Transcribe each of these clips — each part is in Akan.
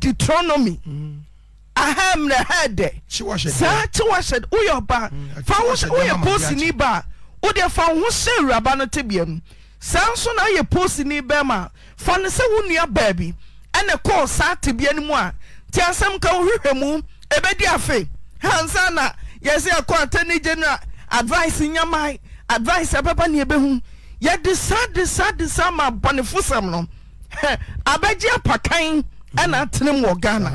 Mm. aɛwodeɛwo mm. ho yɛ awura no te bea nu saa sona oyɛ posini bar mu a fa no sɛ wo nnua baabi ɛne kɔɔ saa te bia no mu a nti asɛm ka wohwehwɛ mu bɛdi afe ansa na yɛsɛ ɛkɔatanegye na advice nyama advice abɛba nebɛhu yɛde sa desade saa mabɔne fosɛm no abɛgye apa kan ɛna atenem wɔ ghana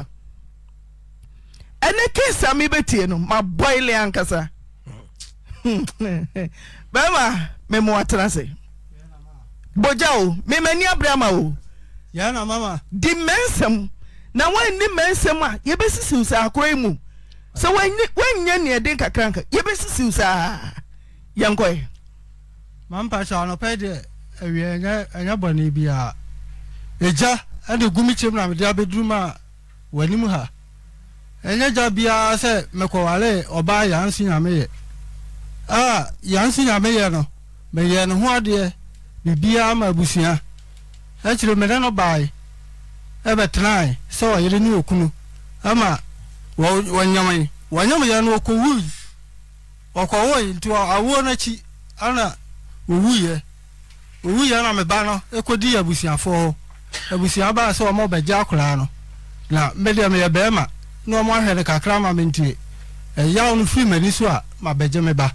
ɛnɛ kesa mebɛtie no mabɔile ankasa bɛima memoatena se bogya o mem'ani abrɛ ma o di mmɛnsɛm na woanni mmɛnsɛm a yɛbɛsisiw saa akora yi mu sɛ woanya nneɛden kakranka yɛbɛsisiw saa yɛnkɔe mampa sɛ anɔpɛ deɛ awie ɛnyɛ bɔne bi a ɛgya ɛde gu me kyɛm na mede abɛduru mu a w'anim ha ɛnyɛ gya biara sɛ mekɔware ɔbaa yansi nyameyɛ a yansi nyameyɛ no meyɛ ne ho adeɛ biribiara ma abusua ɛkyerɛ mene no bae ɛbɛtenae e sɛ ɔyere ne okunu ama wɔnyamee wɔnyameyɛ no ɔkɔwui ɔkɔwoe nti awoɔ no akyi ana ɔwuiɛ ɔwuiɛ na meba no ɛkɔdi e abusuafoɔ hɔ abusua baa sɛ ɔma ɔbɛgya akoraa no na medeɛ meyɛ bɛrima na ɔmo ahwɛ no kakra ma mentie ɛyaw no firi m'ani so a mabɛgye me ba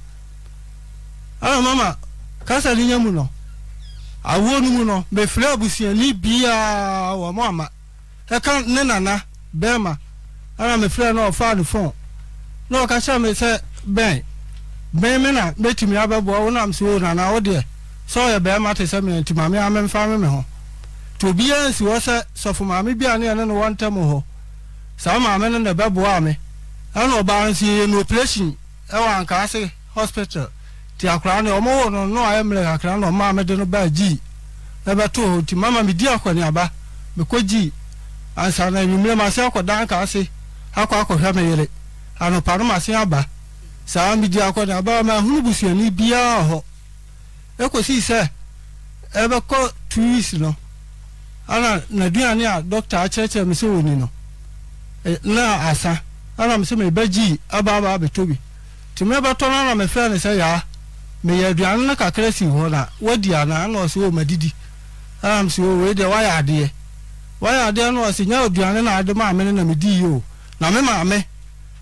ana mama kasa no nya mu no awoɔ no mu no mefrɛ abusuani biaa wɔ mo ama ɛka ne nana bɛrima ana mefrɛ no ɔfaa ne fon na ɔka kyerɛ me sɛ bɛn bɛn me na mɛtumi abɛboa wo nam sɛ o nana wo deɛ sɛ ɔyɛ bɛrima te sɛ meɛ nti mame amemfa me me ho nti obiara nsi hɔ sɛ sɔfo maame bi a ne ɛne no wɔ hɔ saa maame no na ɛbɛboa me ɛna ɔbaa nso yɛyɛ no operation ɛwɔ ankaase hospital ti akwaraa no ɔmo wɔ no no ayɛ mmerɛ kakra na ɔmaa me de no baa gyi na ɛbɛto hɔ ti mama mi di akɔneaba mekɔ gyi ansa na ewimire ma se akɔ dan kaase akɔ akɔhwɛ me yere anopa no ma se aba saa mi di akɔneaba ma ehunu busuani biara hɔ ekosii sɛ ɛbɛkɔ two no. ana n'aduane a dɔkta akyerɛkyerɛ mi sɛ wɔni no na asa ana mi sɛ mi bɛ gyi aba aba te mi bɛtɔ no ana mi fɛ ne sɛ yaa mi yɛ aduane no kakra si hɔ na wadi ana ana ɔsɛ wɔ ma didi ana mi sɛ wɔ wei deɛ wayɛ adeɛ wayɛ adeɛ no ɔsɛ nya aduane na ade maame no na mi di yi o na mi maame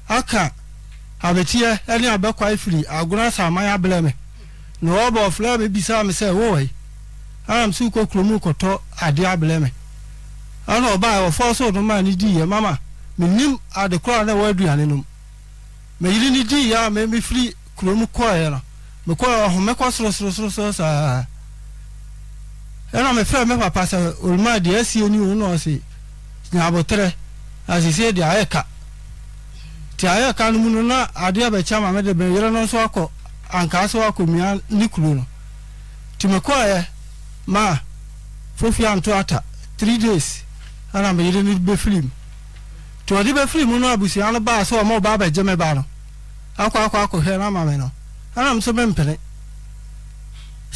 aka abɛteɛ ɛne abɛkwa efiri agorɔ asaman abɛlɛ mi na wɔbɔ ɔfra mi bisa mi sɛ wɔwɔ yi aram si kɔ kurom kɔtɔ ade abelɛ me ɛna ɔbaa wɔfɔ so no maa ne di yɛ mama menim adekora na ɛwɔ aduane no mu meyiri ne di yɛ a me mefiri kurom kɔɛ no mekɔ ɔhome kɔ sorosorosoro saa ɛna mefrɛ me papa sɛ oluma deɛ asie ni wo na ɔse nyaabotrɛ asiesie deɛ ayɛ ka nti ayɛ ka no mu no na adeɛ bɛkyɛ ma mede meyere no nso akɔ ankaa so akɔ mia ne kuro no nti mekɔɛ ma fofi anto ata three days ɛna mɛ yiri ni bɛ fili mu tí ɔdi bɛ fili mu no abusua no baa sɛ ɔmo ɔba abɛgye mɛ baa no akɔ akɔ akɔ hɛ n'ama mɛ no ɛna mɛ nso mɛ mpene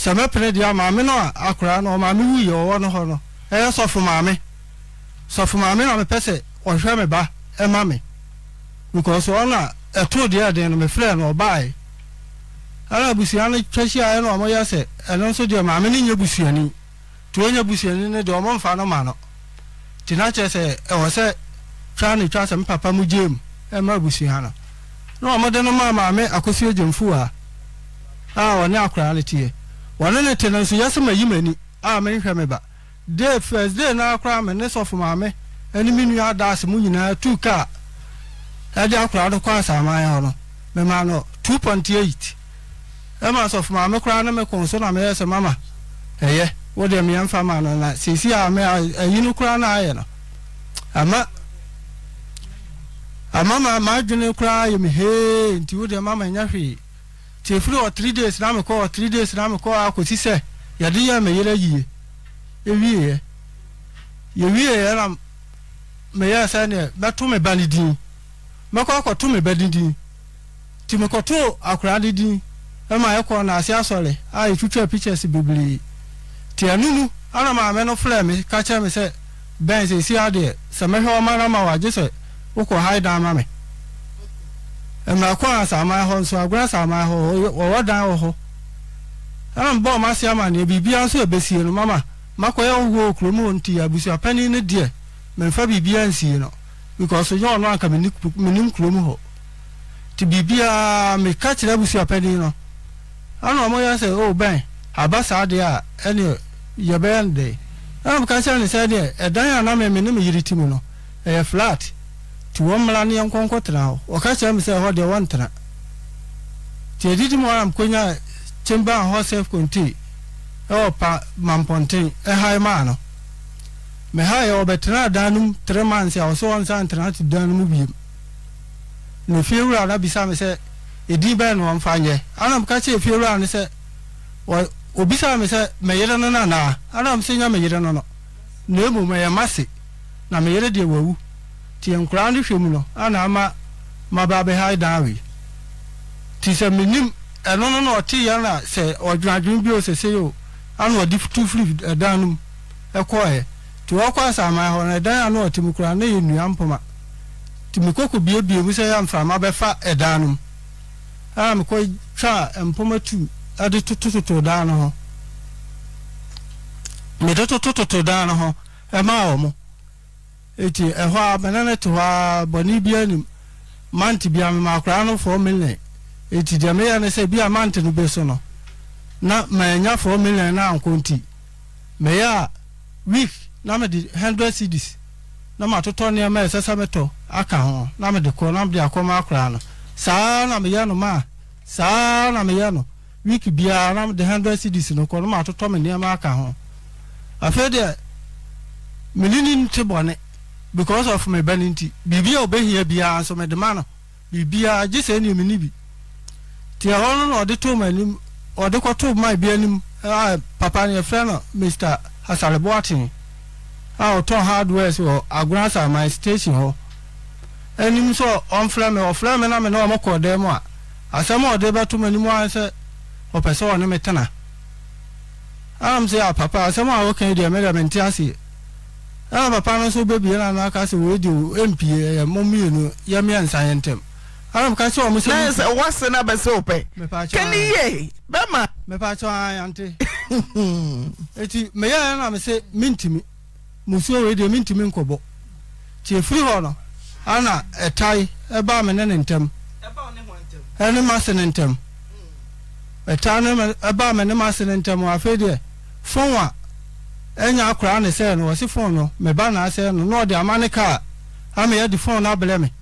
sɛ mɛ pene deɛ maame no a akora no maame wu yɛ ɔwɔ no hɔ no ɛyɛ sɔfo maame sɔfo maame na mepɛ sɛ ɔhwɛ me ba ɛma me because ɔno e a ɛtoo deɛ ɛden no mɛ filɛ no ɔbaa yi. E ɛna abusua no twa hyia ɛna ɔmo yɛ sɛ ɛno nso deɛ maame ne nyɛ busuani nti ɔnyɛ busuani ne deɛ ɔmo mfa no ma no nti n'akyɛ e sɛ ɛwɔ sɛ twa ne twa sɛ mpapa mu gye mu ɛma e abusua no na ɔmo de no maa maame akosua gyemfu a a ɔne akwaraa ne teɛ wɔne ne te no nso yɛ sɛ ma yi ma ni a menhwɛ me ba day first day na akora me ne sɔfo maame ɛne me nua daase mu nyinaa tu kaa ɛde akwaraa no kɔ asaman hɔ no mema no two point eight ẹ máa sọ fún maame koraa ne me kɔnso na meyɛ sɛ mama ɛyɛ wo deɛ meyɛ mfa ma no na sisi a me ayi na ayɛ no ama ama ma maadwene koraa yɛ me hee nti wo deɛ mama nya hwee nti efiri wɔ three days na mekɔ wɔ three days na mekɔ akɔsi sɛ yɛde yɛ meyere yie ewieɛ yɛwieɛ na meyɛ sɛ neɛ mɛto me ba ne din mɛkɔ akɔto me ba ne din nti mekɔto akwaraa ne din ɛma ɛkɔ na ase asɔre a yɛtwitwa pictures bebree te ɛno mu ana maame no frɛ me ka kyerɛ me sɛ bɛn sɛ ɛsi adeɛ sɛ mɛhwɛ ɔma no ma wagye sɛ wokɔ hae dan ma me mmerɛkɔ a asaaman hɔ nso agorɔ asaaman hɔ wɔwɔ dan wɔ hɔ ɛna mbɔ ɔma ase amanneɛ biribia nso ɛbɛsie no mama makɔyɛ wohoɔ kurom hɔ nti abusuapani no deɛ memfa biribia nsie no because nyɛ ɔno anka menim kurom hɔ nti biribiaa meka kyerɛ abusuapani no ɛna ɔmo yɛ sɛ o oh, bɛn aba saa deɛ a ɛne yɛbɛyɛ no dɛ ɛna mo ka kyerɛ ne sɛ deɛ ɛdan e a na mɛmɛ ne me yiri ti mu no ɛyɛ e flat ti wɔn mmara e ne yɛn nkɔnkɔ tena hɔ ɔka kyerɛ me sɛ ɛhɔ deɛ wɔn tena ti edidi mu ara mkonya chamber and hall self contain ɛwɔ pa mampɔnten ɛha maa no mɛ ha yɛ ɔbɛtena dan no mu three months a ɔsɛ wɔn nsa ntena ti dan no mu biem ne fie na bisa mi sɛ edin bɛyɛ na wɔmfa nyɛ anam ka kyerɛ ni wura ne sɛ obisaa me sɛ mɛyere no no anaa anam sɛ nya mɛyere no no na mmom ɛyɛ ma na mɛyere deɛ wawu nti nkoraa no hwɛ mu no ana ama maba bɛhae dan wei nti sɛ menim ɛno no na ɔteyɛ na sɛ ɔdwenadwen bio sɛ sɛ o ana ɔde tu firi ɛdan no mu ɛkɔɔɛ nti wɔkɔ asaman hɔ no ɛdan a na ɔte mu koraa na yɛ nnua mpoma nti mekɔkɔ biebie mu sɛ yɛ mframa bɛfa ɛdan no mu a ah, mekɔtwa mpoma tu de totototo dan no ho mede totototo dan no ho ɛmaa wɔ mo eti ɛhɔ a mene ne te hɔ a bɔne bi anim mante bia mema akoraa no foɔ million eti deɛ meyɛ ne sɛ bia mante no so no na manya foɔ million na anko nti meyɛ a week na mede hundred cedis na matotɔ nneɛma ɛsɛ sɛ metɔ aka ho na mede kɔ na mede akɔma akoraa no saa na meyɛ no ma saa na meyɛ no week biara na de hundred cds no kɔ no ma atotɔ me nneɛma aka ho afei deɛ menini nte bɔne because of me bɛ ne nti biribi a obɛhia biara nso mede ma no biribiara gye sɛ nneɛma ni bi te ɛhɔ no na ɔde too ma anim ɔde kɔtoo ma bi anim a papa ne yɛfrɛ no mr asareboaten a ɔtɔn hardwares wɔ agorɔ asaman station hɔ anim sɛ ɔmfrɛ me ɔfrɛ me na me ne ɔmɔkɔ dɛn mu a asɛm a ɔde bɛto m'anim ara sɛ ɔpɛ sɛ ɔne me tena anam sɛ apapa asɛm a woka deɛ mede mente aseɛ ɛna papa no nso bɛbie e, no ano aka sɛ wɔdi ɛmpie ɛyɛ mo mmienu yɛmeɛ nsa yɛ ntɛm anam ka kyɛ ɔmo sɛ sɛ wɔse no abɛsɛ wopɛ kane ye bɛma mepakyɛ ayante ɛti me sɛ mentimi musuo wei deɛ mentimi nkɔbɔ nti ɛfiri hɔ no ana ɛtae ɛbaa me ne ne ntɛm ɛne ma se ne ntɛm ɛtae hmm. ne ɛbaa me ne ma se ne ntɛm afei deɛ fon a ɛnya akora ne sɛ no wɔsi fon no meba na asɛ no na ɔde ama ne kaa ama yɛ de fon no abɛlɛ me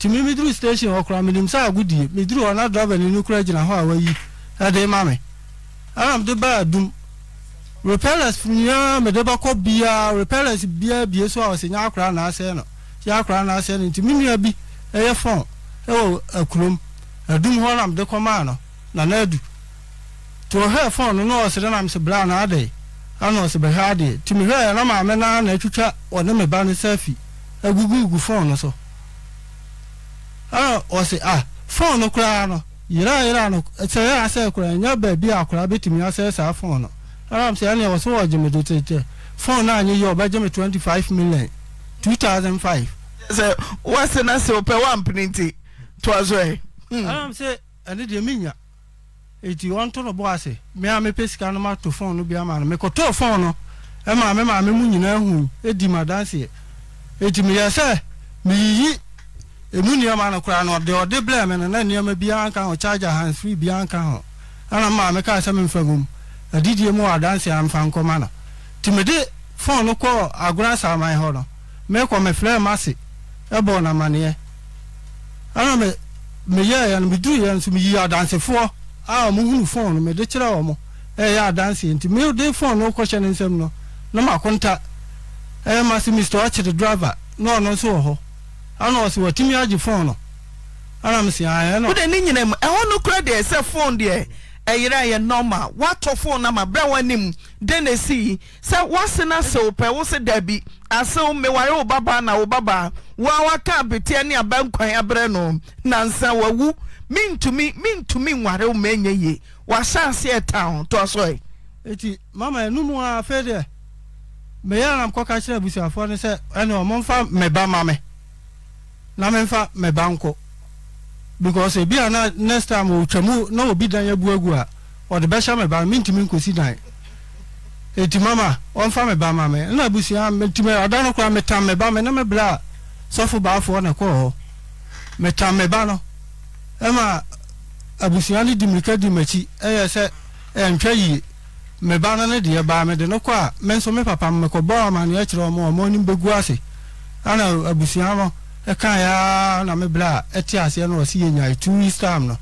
tìmí mi duru station hɔ koraa menim sɛ agudie mi duru hɔ na ne nukura gyina hɔ a wayi ɛde ma me ɛna mede baa dum repellers nyinaa mede bɛkɔ biara repellers biara bie so a wɔsi nya akora na asɛ no yɛ akora no bi ɛyɛ fɔn ɛwɔ hɔ nam de kɔmaa no na na adu nti fɔn no na ɔsere nam sɛ bra na Ɛna ana ɔsɛ bɛhwɛ adeɛ nti mehwɛ na maame na na ɔne me fɔn no so ana ah, fɔn no koraa no no sɛ asɛ koraa asɛ saa fɔn no wɔ fɔn ɔbɛgye me twenty five million two thousand five. sɛ wɔsi na sɛ ɔpɛ wa mpirinti to aso yɛ. ɛnam sɛ ɛne deɛ mi nya eti wɔn tɔ lɔbɔ ase mi a mi pɛ sika no ma to fɔn no bi ama no mi kɔ tɔ fɔn no ɛma mi maame mu nyinaa hu edi ma dansi yɛ eti mi yɛ sɛ mi yiyi emu nneɛma no koraa no ɔde ɔde blɛ mi no na nneɛma biara nka ho charger hands free biara nka ho ɛna maame kaa sɛ mi nfa gu mu adidie mu wɔ adansi amfa nkɔma no tìmidi fɔn no kɔ agorɔ asaman hɔ no. mekɔ mefrɛ ma ase ɛbɔ no amanneɛ ana me meyɛɛ no meduruiɛ nso meyi adansefoɔ a mohunu fon no mede kyerɛ wɔ mo ɛyɛ adanseɛ nti mede fon no wokɔhyɛ ne nsɛm no na makonta ɛyɛ ma se mr ɔkyere driver na ɔno nso wɔ hɔ ana ɛna ɔse watumi agye fon no ɛna mese aɛ no wode ne nyinam ɛhɔ no kora deɛ sɛ fon deɛ ɛyerɛ a yɛ normal woatɔ phone nama berɛ a w'anim dɛn na ɛsi yi sɛ woase no asɛw pɛ wo se daabi asew meware wo babaa na wo babaa woa waka apeteɛ ne aba nkwan abrɛ no nansa wawu mentumi mentumi nware wo maanya yie wahyɛ ase ɛta ho toa sɔe eti mama ɛnu mu a afei deɛ meyɛ anam kɔka kyerɛ abusuafoɔ no sɛ ɛne ɔmomfa meba ma me na memfa meba nkɔ because ebi a na next time otwa mu na obi dan abu agu a ɔde bɛhyɛ me ba mentumi nkosi dan eti mama ɔmfa me ba ma me na abusua metumi ɔda no koraa metam me ba me na me bra sɔfo baafoɔ na kɔɔ hɔ metam me ba no ɛma abusua no di mirika di m'akyi ɛyɛ sɛ ɛntwa yie me ba no ne deɛ baa me de no kɔ a me nso me papa mekɔbɔɔ amanneɛ kyerɛ ɔmo ɔmo anim bɛgu ase ana abusua no ɛka ya na me bla ɛte aseɛ no ɔsi yɛnya two weeks time no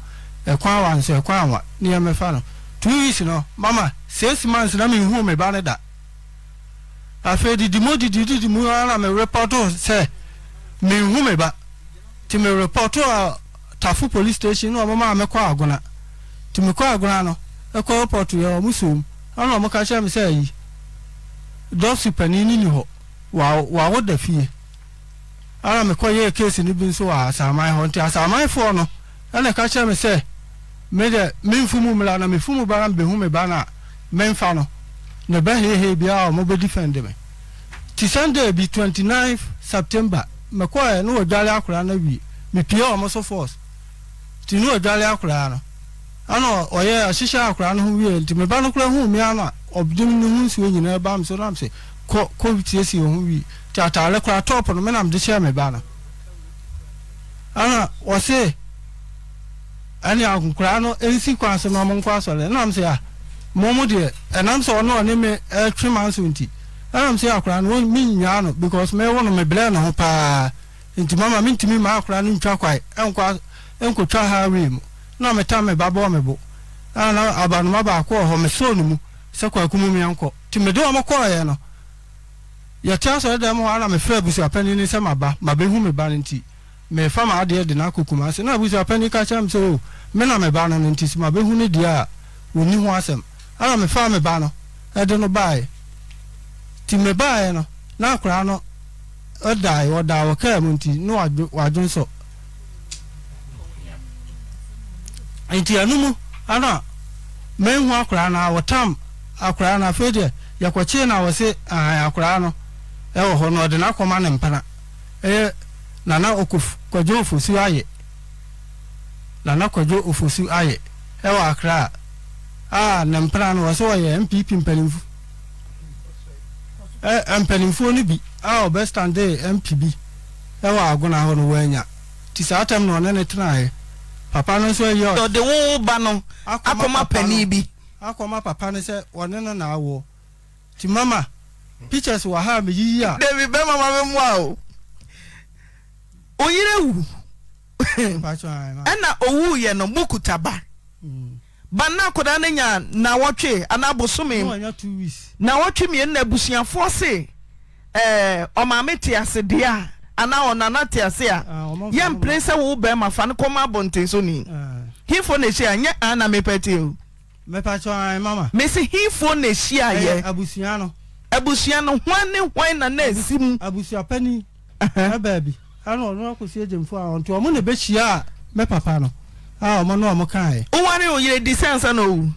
ɛkwan wa nso ɛkwan wa ne yɛ mɛfa no two weeks no mama six months na mehu me ba ne da afei didi mu didi didi mu na me repɔto sɛ mehu me ba nti me repɔto a tafo police station na ɔmo a mɛkɔ agona nti mekɔ agona no ɛkɔ repɔto yɛ ɔmo so mu ɔno ɔmo ka kyerɛ me sɛ yi dɔsi panin ni ni hɔ wa wa wɔ da fie. ara mekɔyɛɛ kase no bi nso wɔ asaman hɔ nti asamanfoɔ no ɛna ka kyerɛ me sɛ medɛ memfumu mmra na mefumu ba na mebehu me ba na memfa no na bɛheehee biara ɔ mobɛdi fɛn de me nti sunday bi 29 september mekɔɛ e, ne wɔdware akoraa no awie mepie ɔ mo so force nti ne wɔdware akoraa no ana ɔyɛ ɔhyehyɛ akoraa no ho wie nti meba no koraa hu mmea no a ɔdem ne ho nsuo nyinaa ba me so na me sɛ kɔ covid siesie ho wie nti ataare koraa tɔɔpo no menam de hyɛ me ba no ana wɔse ɛne no kwan so na asɔre a na mo deɛ ɛnam sɛ ɔno ɔne me ɛtwe ma nso nti na sɛ akoraa no menyaa no because mewo no mebrɛ ho paa nti mama ma akoraa no ntwa kwae ɛnkɔ ɛnkɔtwa ha mu na meta me ba me bo abanoma baako wɔ hɔ mesoo no mu sɛ kwaku mu meɛnkɔ nti mede no yɛte asɔre dɛm hɔ ara mefrɛ abusuapɛni ne sɛ maba mabɛhu me ba no nti mefa ma adeɛ de n'akɔ kuma se na abusuapɛni ka kyerɛ me sɛ o oh, me na me ba no no nti so mabɛhu ne deɛ a wɔnni ho asɛm ara mefa me ba no ɛde no baeɛ nti me baeɛ no na akwaraa no ɔdae ɔdaa wɔkaa mu nti ne wadwo nsɔ nti ɛno mu ana mehu akwaraa no a wɔtam akwaraa no afei deɛ yɛkɔkyee na wɔse ahan akura no ɛwɔ hɔ na ɔde n'akɔma ne mpana ɛyɛ nana okof kwadwo ofosu ayɛ nana kwadwo ofosu ayɛ ɛwɔ akra a a ne mpana no wɔsɛ wɔyɛ npp mpanimfo ɛ mpanimfoɔ no bi a ɔbɛstande mp bi ɛwɔ agona hɔ no wɔanya ti saa tam na ɔne ne tenaeɛ papa no nso yɛ ɔde wo ba no akɔma panin bi akɔma papa no sɛ ɔne no na awoɔ ti mama pictures wà ha mi yíyí à. david bẹ́ẹ̀ mama mi mú a o oyire wù ɛna owu yɛ no mu kuta ba mm. ba na akwadaa no nya ana anaa bosome nawɔtwe mmienu na abusuafoɔ se ɛɛ eh, ɔmaame te ase deɛ a anaa ɔnana te ase a yɛ mpere sɛ wo bɛrima fa no kɔma abɔnten so ni ah. hinfo na ehyia nye ana mepɛ te o. mepatɔ ayi mama. mesi hifo na ehyia yɛ. Eh, abusua no. abusua no hwan ne hwan na na esi mu. abusua panyin ɛbɛɛbi ɛna ɔno akɔsi agyemfo a ɔntu ɔmo na ebehyia a mɛ papa no a ɔmo na ɔmo kan yɛ. nwari oyire di sɛnsa na owu.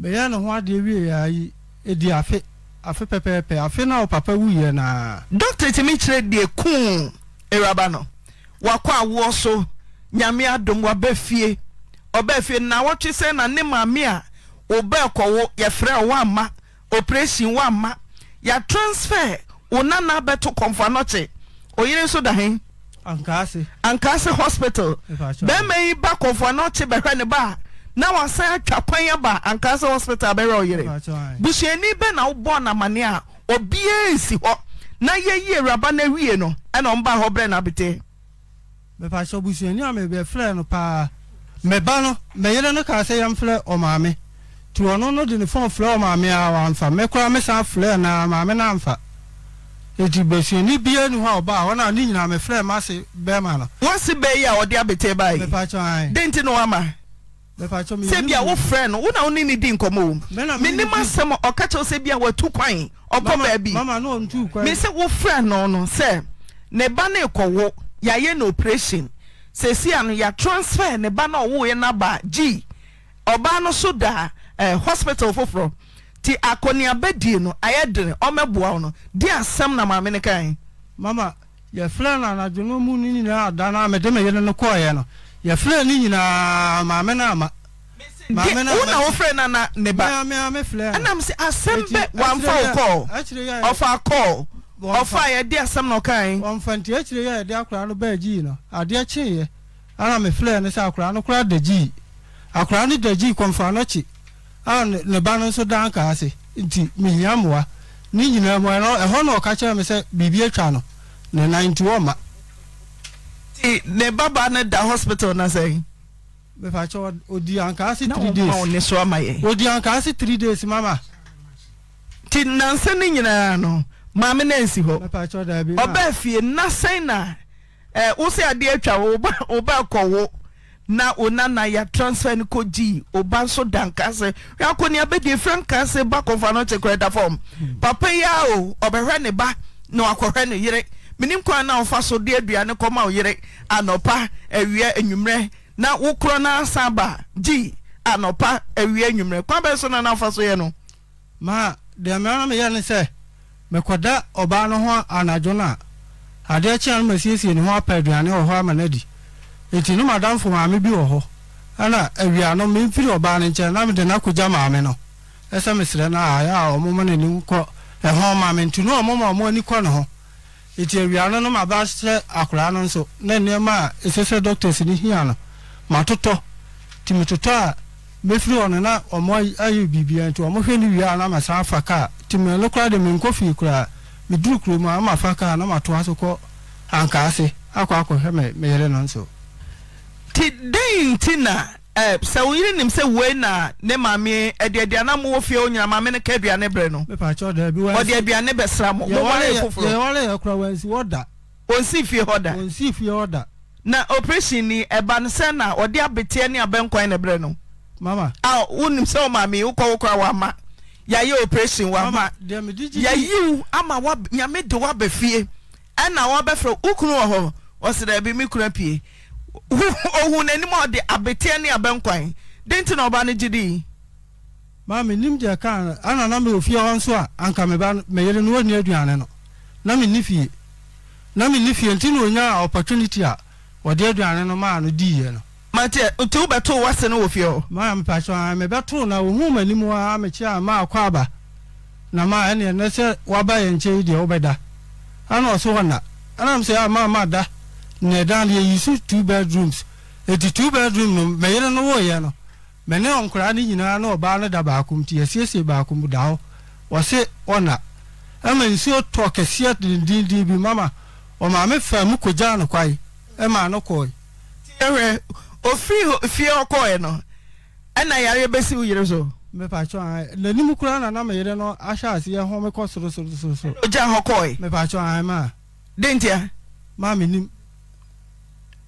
bɛyɛ ne ho adeɛ wie ya yi edi afe afe pɛpɛɛpɛ afe na o papa wu yɛ naa. dɔkita tìmi kyerɛ deɛ kun ewuraba no wakɔ awoɔ so nyame adum wabɛ fie ɔbɛ fie na wɔtwe sɛ na ne maame a ɔbɛ kɔwɔ yɛfrɛ ɔwɔ ama operation wɔ ama ya transfer wo nana bɛto kɔmfa nɔkye oyere nso da he ankaase hospital bɛrima yi ba kɔmfa nɔkye ne ba a na wasan atwa kwan ba ankaase hospital bɛhwɛ oyere busuani bɛ na wobɔɔ namane a obiara si hɔ na yɛyi awuraba no awie no ɛna ɔmba hɔ berɛ no abete mepɛ sɛ busuani a mebɛfrɛ no paa mɛba no mɛyere no kaa sɛ yɛmfrɛ ɔmaame nti ɔno no de ne fon maami awa maame a wamfa mɛkora na filɛ na maame no amfa nti basuani bia ni hɔ a ɔbaa wɔn a ma se wọn si bɛɛ yi a ɔde abete yi. mepatɔ na mi. a no wọn ni di o. mi ma sɛm ɔka kyɛw sebi a wɔtu kwan mama kwan. mi no no ne ba na operation transfer ne ba na Eh, hospital foforɔ nti die no ayɛ dene ɔmɛboa wo no di asɛm na maame no kae mama yɛfrɛ no anadwono mu no nyinaa ada no a mede meyere no kɔɔeɛ no yɛfrɛ no nyinaa maame no ama wona wo frɛ no na ne ba ɛnam sɛ asɛm bɛ wamfa wo kɔɔ ɔfa kɔɔ ɔfa yɛde asɛm na ɔkae ɔmfa nti akyire yɛ yɛde akora no baa gyii no adeɛ kyeeɛ ana mefrɛ no sɛ akora no kora da gyii akora no da gyii kɔmfa no kyi a ah, ne ba no nso dan ka ase nti mehia mmoa ne nyinaa mu ɛno ɛhɔ na ɔka kyerɛ me sɛ biribi atwa no ne nan nti wɔma nti ne baba no da hospital na sɛn odi ankaa ankaase three days odi ankaa ankaase three days mama nti nansa no nyinaa no maame no ansi hɔ ɔbaa fie na sɛn na wosɛ adeɛ atwa wo ba kɔwo na onana ya transfer no kɔgyii ụba nso da nkase hwɛ akɔnnea bɛdie frɛ nkase ba kɔmfa no kye krɛda fam papa ya o ɔbɛhwɛ ne ba na wakɔhwɛ ne yere menim kwan na ɔfa so de aduane kɔma wo yere anɔpa awia anwummerɛ na wo na asaba asan anọpa ewia anɔpa kwaba nso kwan bɛn so na na so yɛ no ma deɛ mmerɛ no meyɛ ne sɛ mekɔda ɔbaa no ho anadwo no a adeɛ kyea no masiesie ne ho apa aduane wɔ ama no adi nti no madamfo maame bi wɔ hɔ ɛna awia no memfiri ɔbaa no nkyɛn na mede no akɔgya maame no ɛsɛ mesrɛ no ayɛ a ɔmo ma n'ani kɔ ɛho ma nti no ɔmo ma ɔmo ani kɔ ne ho nti awia no no maba hyɛ akoraa no nso na nneɛma a ɛsɛ sɛ doctors no hia no matotɔ nti metotɔ a mefiri hɔ no na ɔmo ayɛ biribia nti ɔmo hwɛ no wie a na masan afa kaa nti mene koraa de menkɔ fie koraa meduru kurom a mafa kaa na matoa so kɔ ankaase akɔ akɔhwɛ me yere no nso nti dɛn nti na sɛ wo nim sɛ wei na ne maame ɛde aduane mowɔ fie wo nyina maame no ka aduane berɛ no aduane bɛsra mo fie hɔ da na operation ni ɛba no sɛ na ɔde abeteɛ ne abɛnkwan ne berɛ no a wonim sɛ ɔmaame wokɔ wokora wama yɛayɛ operation wama yɛyi wo ama nyame de woaba ɛna wɔbɛfrɛ wo kunu wɔ hɔ ɔsɛ me kura pie ohun n'anim a ɔde abeteɛ ne abɛnkwan de nti na ɔba no gye di. maame nim deɛ ka ana na mewɔ fie hɔ nso a anka meba meyere no wani aduane no na menni fie na menni fie nti na ɔnya opportunity a wɔde aduane no maa no diiɛ no nti wobɛtoo wase no wɔ fie hɔ maa mebɛtoo na m'anim a a maa kɔ aba na maa ɛneɛ nɛ sɛ woaba yɛ nkyɛ yi deɛ wobɛda ana ɔso hɔ na anam sɛ a na dan yɛ yi si two bedrooms eti two bedroom no mɛyere no wɔ yɛ no mɛ ne nkwadaa no nyinaa na ɔbaa no da baako mu ti yɛsiesie baako mu da hɔ wɔsi ɔna ɛma nsuo tɔ kɛseɛ dindindin bi mama ɔmaame fɛ mu kogya no kwae ɛma no kɔɛ. ɛwɛ ofiri fie ɔkɔɛ no ɛna yare bɛsi wo so. an n'anim na nam no ahyɛ aseɛ hɔn mekɔ ogya hɔ an ma. maa mi nim.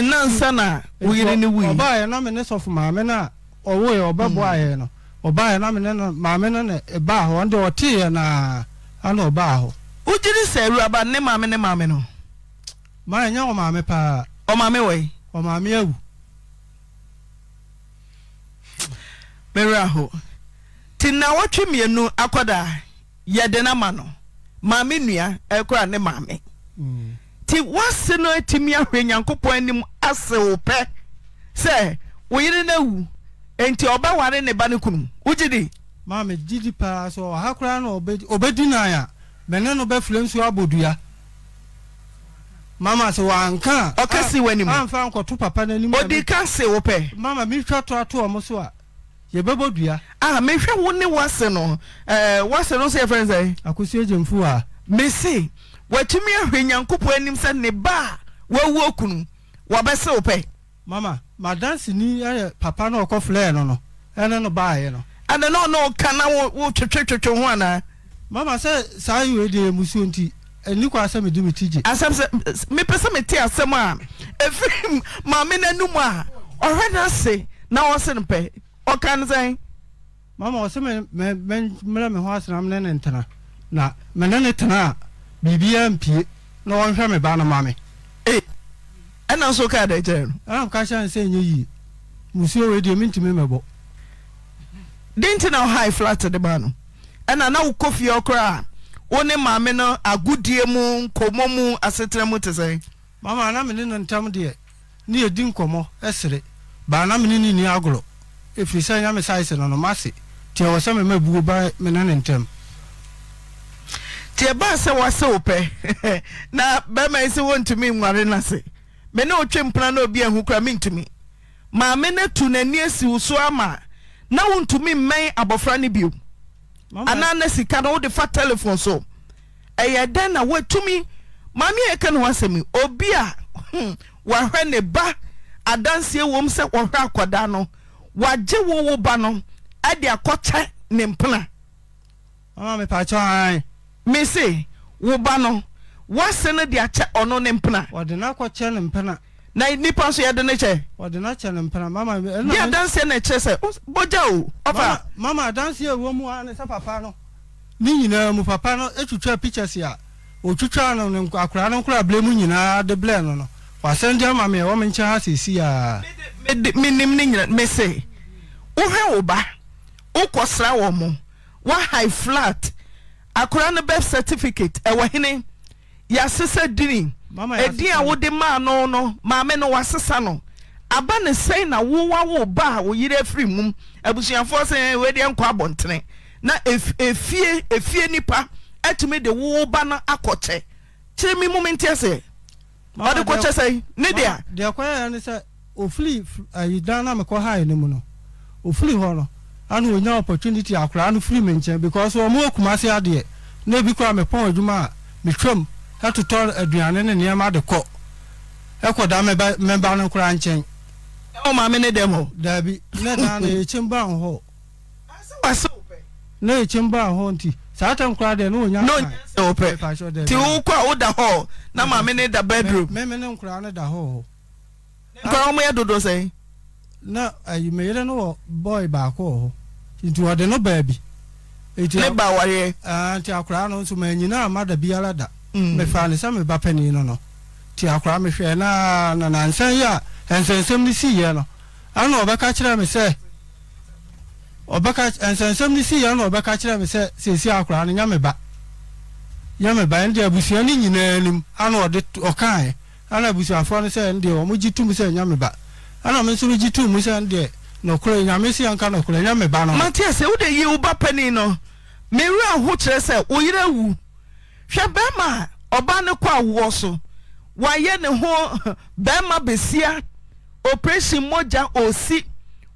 ne nansa na woyere ne wuyi ɔbaayɛ na mene sɔfo maame na no a ɔwoe ɔbɛboaayɛ no ɔbaayɛ na mene no maame no na ɛbaa hɔ ɔnde ɔteeɛ naa ana ọba hɔ Ujiri ne sɛ awuraba ne maame ne maame no maa ọ maame paa Ọ maame ɔmaame wɔi ɔmaame awu ewu. ho nti na wɔtwe mmienu akɔda yɛde no ma no maame nnua ɛkora ne maame mm. nti wase no atumi ahwɛ nyankopɔn anim asewo pɛ sɛ wo yere no awu enti ɔbɛware ne ba no kunum wogye di maame gyidi paa sɛ ɔha koraa na ɔbɛdi nan a mɛne no bɛfirɛ nsuo abɔdua mama sɛ wanka a ɔkɛsi w'anim amfa nkɔto papa no anim odi ka se wo pɛ mama metwa to ato ɔmo so a yɛbɛbɔ dua ah mehwɛ wo ne woase no eh, woase no so yɛfrɛ no sɛ akosi agyamfu a mese watumi ahɛ nyankopɔn anim sɛ ne ba woawukun wbɛsewo pɛ mama madanse ni ayɛ papa na ɔkɔ fɛɛ no no ɛne no baɛ no n ɔnanwo twewetwetweo mama sɛ saa yowdi ɛ msuo nti ɛnikaa sɛ mede metegyemepɛ sɛ mete asɛm fmamenonm a ɛ e ase naɔsene pɛ ɔansɛn mama ɔsm merɛ me ho asena mene ne ntena na mene ne tenaa biribia mpie na wɔnhwɛ me ba no ma me eh, ɛna nso kaa da ah, kyerɛ no ɛna ka kyerɛ no sɛ ɛnyɛ yie musuo wei deɛ mentumi mɛbɔ de nti na ɔhae flat de ba no ɛna na wokɔ fie ɔkora a wo ne maame no agodie mu nkɔmmɔ mu asetena mu te sɛ mama na mene no ntam deɛ ne yɛdi nkɔmmɔ ɛsere baa na mene ne ni agorɔ ɛfiri sɛ nyame saese no no mase nti ɛwɔ sɛ memabuo ba mene ne ntam nti ɛbaa sɛ woasewo pɛ na bɛmai sɛ woentumi nguare no se me ne wotwe mpena na obi a ho koraa mentumi maa meno tu n'ani asiwo so amaa na wontumi mmɛn abɔfra no bio anaa na sika no wode fa telefon so ɛyɛ dɛn na woatumi mame a yɛkɛ ne hɔ asɛ mi obi a hmm, whwɛ ne ba adanseɛ wom sɛ wohwɛ akɔda no wagye wowo ba no ɛde akɔkyɛ ne mpena mese se nọ no woasɛ no de akyɛ ɔno ne mpena na nnipa nso yɛde ne kyɛde adanseɛ no ɛkyerɛ sɛ bɔgya o ɔfa ne nyinaa mu papa no pictures a no ne no nkora blɛ mu nyinaa de blɛ no no de ama me nkyɛn a menim ne nyina mese wo ba wokɔsra wɔ mo flat akora no bɛf certificate ɛwɔ hene yɛasesa dini ɛdin a wode maa no no maame no wasesa no aba ne na wowa wo ba a wo afiri mum abusuafoɔ sɛ eh, wedeɛ nkɔ abɔntene na efie nipa atumi de wụwa ba no akɔkyɛ kyerɛ mi sɛ ɔde kɔkyɛ sɛ ne deɛ ana onya opportunity akwaraa no firi me nkyɛn because wɔn okuma se adeɛ na ebi koraa mepɔn adwuma a metwam ɛtotɔ aduane ne nneɛma de kɔ ɛkɔ da mmɛba no koraa nkyɛn. ɛwɔ maame ne dɛm hɔ. daabi ne dan na ekyim baa hɔ. na ekyim baa hɔ nti saa ta nkora deɛ na onya nkora. na onya nkora pɛ ti wokɔ a woda hɔ na mm. maame ne da bedroom. mɛmɛ ne nkora ne da hɔ. nkora wɔn yɛ dodo sɛn. na ayumayere eh, no wɔ baako wɔ hɔ nti wɔde no baabi ba wɔyɛ nti akwaraa no nso manyina amada biara da mefa ne sɛ meba panin no no nti akwaraa mehwɛ na na yi a si no ɔbɛka kyerɛ me akwaraa no ba ba ɛnde abusua no nyinaa anim ana ɔde ɔkaeɛ ana abusuafoɔ no sɛ ɛnde tum sɛ ɛna mi nso mi gyi tuu mu sɛ deɛ nɔkorɛ nyame si anka nɔkorɛ nyɛ mi ba no. matias ewu de yie woba panyin no meru aho kyerɛ sɛ oyere awu hwɛ bɛrima a ɔbaa ne kɔ awoɔ so wayɛ ne ho bɛrima besia operation mogya osi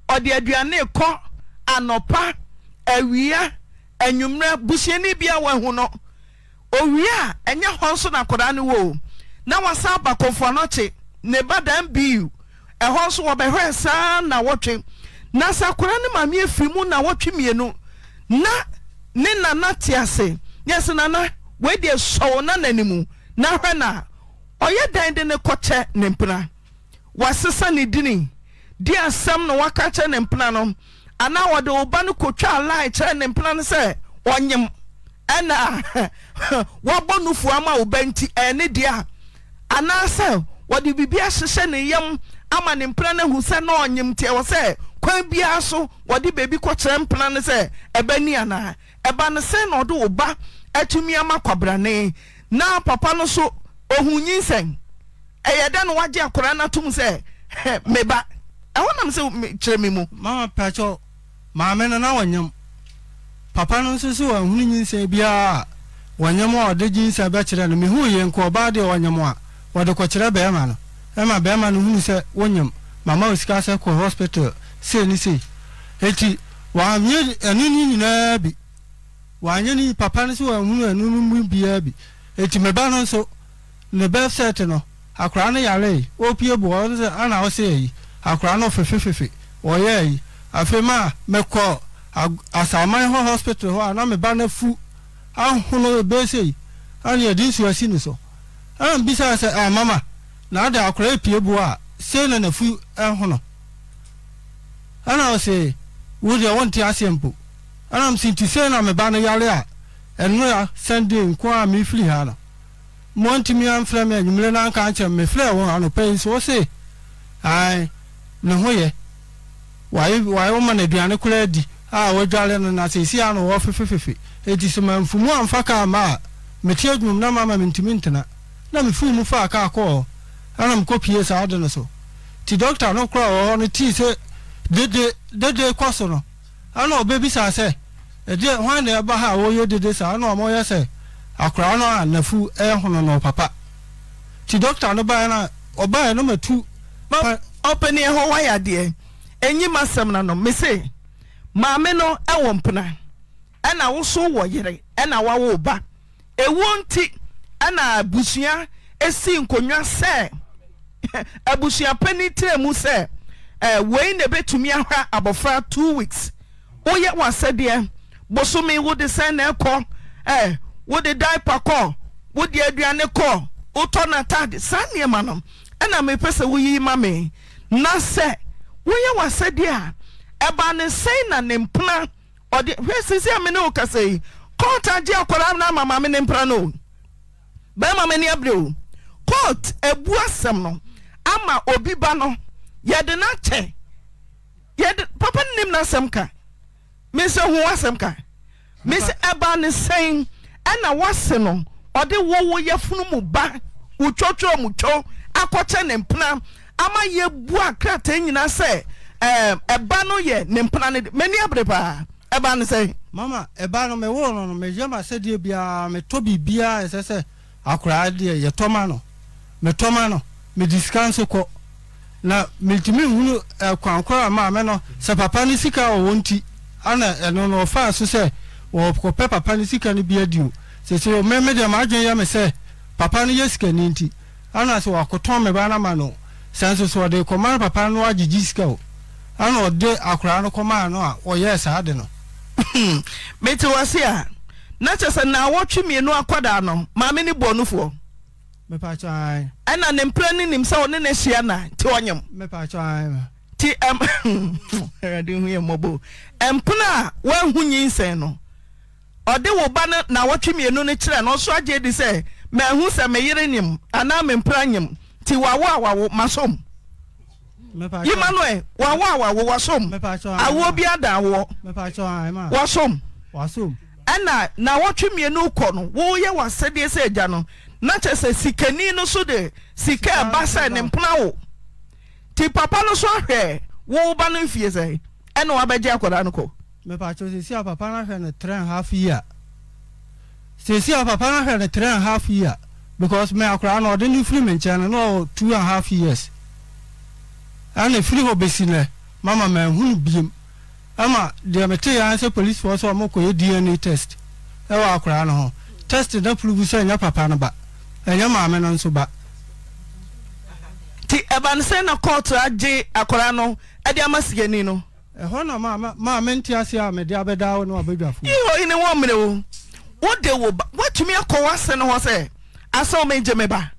ɔde aduane kɔ anɔpa awia enwummerɛ busuani bi a wɔn ho no owia ɛnyɛ hɔ nso na akwadaa no wɔ o na wasan aba n'ɔkye ne ba dan biiu. ɛhɔ nso wɔbɛhwɛ saa nawɔtwe na sɛ akora ne mameɛ firi mu na nawɔtwe mmienu na ne nana te ase yɛ se nana weide sɔwo na nanimu na hwɛ na ɔyɛ dan de ne kɔkyɛ ne mpena wɔasesa ne dini di asɛm na waka kyerɛ ne mpena no ana wɔde wo ba no kotwaa lae kyerɛ ne mpena no sɛ ɔnyem ɛna wɔabɔ no ama ma nti ɛne deɛ a anaasɛ wɔde biribi ahyehyɛ ne yam ama ne mpena no hu sɛ na ɔnyem nti ɛwɔ sɛ kwan biara so wɔde baabi kɔkyerɛ mpena no sɛ ɛbɛ ni anaa ɛba no sɛn na ɔde wo atumi ama kwabrane na papa no so ohun nyinsɛn ɛyɛ dɛ no wagye akora no atom sɛ meba ɛhɔ nam sɛ kyerɛ me mu mama pɛkyɛ maame no na wɔnyam papa no nso so wɔahunu nyinsɛn biara wɔnyam a ɔde nyinsɛn bɛkyerɛ no mehu yɛ nka ɔbaa deɛ wɔnyam a wɔde kɔkyerɛ bɛrima no ɛma bɛrima no hunu sɛ wonyam mama o sika sɛ kɔ hospital sei ne sei eti wanyɛ ɛnu ne nyinaa bi wanyɛ n'i papa no so wahunu ɛnu no mu biara bi eti mɛba no nso ne bɛf sɛt no akwaraa no yare yi opie bu ɔno sɛ ana ɔsɛ yi akoraa no fefefefe ɔyɛ yi afei ma mɛkɔ asaman hɔ hospital hɔ ana mɛba no afu ahono ebese yi ɛna yɛde nsuo asi ne so ɛna mbisa sɛ ah mama. na ada akwara epie bu a sei na nafu ɛhono ɛna ɔse wo deɛ wɔnte aseɛ mpo ɛna msi nti sei na meba no yare a ɛnora sɛnde nko a mefiri ha no mmoantumi amfrɛ me anwummere no anka nkyerɛ mefrɛ wɔn anɔpa yi nso wo se ae ne ho yɛ waye woma na aduane koraa di a wadware no na seesie a na wɔ fefefefe ɛti sɛ mamfumu amfa kaa ma a mete adwumam na mama mentumi ntena na mefumu faa kaa kɔɔ ɛna mekɔ pie saa ade no so nti dɔkta no kora wɔ hɔ sɛ dede dede kɔ so no ɛna ɔbɛbisa sɛ ɛdeɛ hwan na ɛba ha a wɔyɛ dede saa ɛna ɔma ɔyɛ sɛ akwaraa no a nafu ɛhono no papa nti dɔkta no baeɛ no a ɔbaeɛ no matu ɔpani ɛhɔ wayɛ adeɛ ɛnyim asɛm no no mese maame no ɛwɔ mpena ɛna woso wɔ yere ɛna wawo ba ewu nti ɛna abusua esi nkonnwa sɛ abusuapɛ ni tire mu sɛ eh, wei na bɛtumi aha abɔfra tw weeks woyɛ w'asɛdeɛ bosome wode sɛnnɛɔ eh, wodeooɔaanoɛnamepɛ sɛ woyi ma me na sɛ woyɛ w'asɛdeɛ a ɛba ne sɛe na ne mena wɛ ae aae aɛm no ama obi ba no yɛde n'akyɛ yɛde papa nim n'asɛm ka mesɛ hu asɛm ka mesɛ ɛba ne sɛn ɛna wase no ɔde wɔwɔ yɛfunu mu ba wotwotwo mu two akɔkyɛ ne mpena ama yɛbua krataa nyinaa sɛ ɛɛ ɛba no yɛ ne mpena ne de mɛni abere paa ɛba ne sɛn. mama ɛba no mewɔ no no meyɛ ma sɛdeɛ biara metɔ biribiara ɛsɛ sɛ akoraa deɛ yɛtɔma no metɔma no mede sika nso kɔ na metumi nhunu ɛkwan eh, korɔ a maame no sɛ papa no sika ɔwɔ nti ana ɛno no ɔfaa so sɛ wɔkɔpɛ papa no sika no bi adi o sɛsɛ mmɛmɛ deɛ maadwen yɛ me sɛ papa no yɛ sika nti ana sɛ wakɔtɔn me ba no ma no sɛ nso so ɔde kɔma papa no agyegye sika o ana ɔde akwaraa no kɔmaa no a ɔyɛɛ saa de no hmm. mete wɔ se a na kyɛ sɛ naawɔtwe mmienu akɔdaa no maame ne bɔɔnofoɔ ɛna ne mpere ne nim sɛ ɔne ne hyia na nti ɔnyem ti ɛmpene a woahu nyinsɛn no ɔde wo ba no na wɔtwe mmienu no kyerɛ no ɔso agye di sɛ mahu sɛ meyere nyem anaa mempra nyem nti wawo a wawo masom yima no ɛ wawo a wawo wasom awo bi ada awoɔ wasom ɛna na wɔtwe mmienu kɔ no woyɛ wasɛdeɛ sɛ agya no na kyɛ sɛ sikani no so de sika ɛba sɛ ne mpona wo nti papa no so ahwɛ wo ba no mfie sɛ ɛna wabɛgye akwadaa no kɔ. mepatro sisi a papa no hwɛ no three and half year sisi papa no hwɛ half year because me akwadaa no ɔde ne firi me nkyɛn no na ɔ two and half years ɛna firi hɔ besi nɛ mama mɛnhunu biem ama deɛ mete ya sɛ polisifoɔ sɛ ɔmo kɔ yɛ dna test ɛwɔ akwadaa no ho test na pulubu sɛ ɛnyɛ papa no ba. ɛnyɛ maame no nso ba nti ɛbane sɛ na kɔɔto agye akwara no ɛde ama sigani no ɛhɔ na maame nte ase a mede abɛdaa wo ne wabɛdwafo ihɔ ine wɔ mmerɛ wo wode wo ba woatumi akɔ wase no hɔ sɛ asɛ womɛgye me ba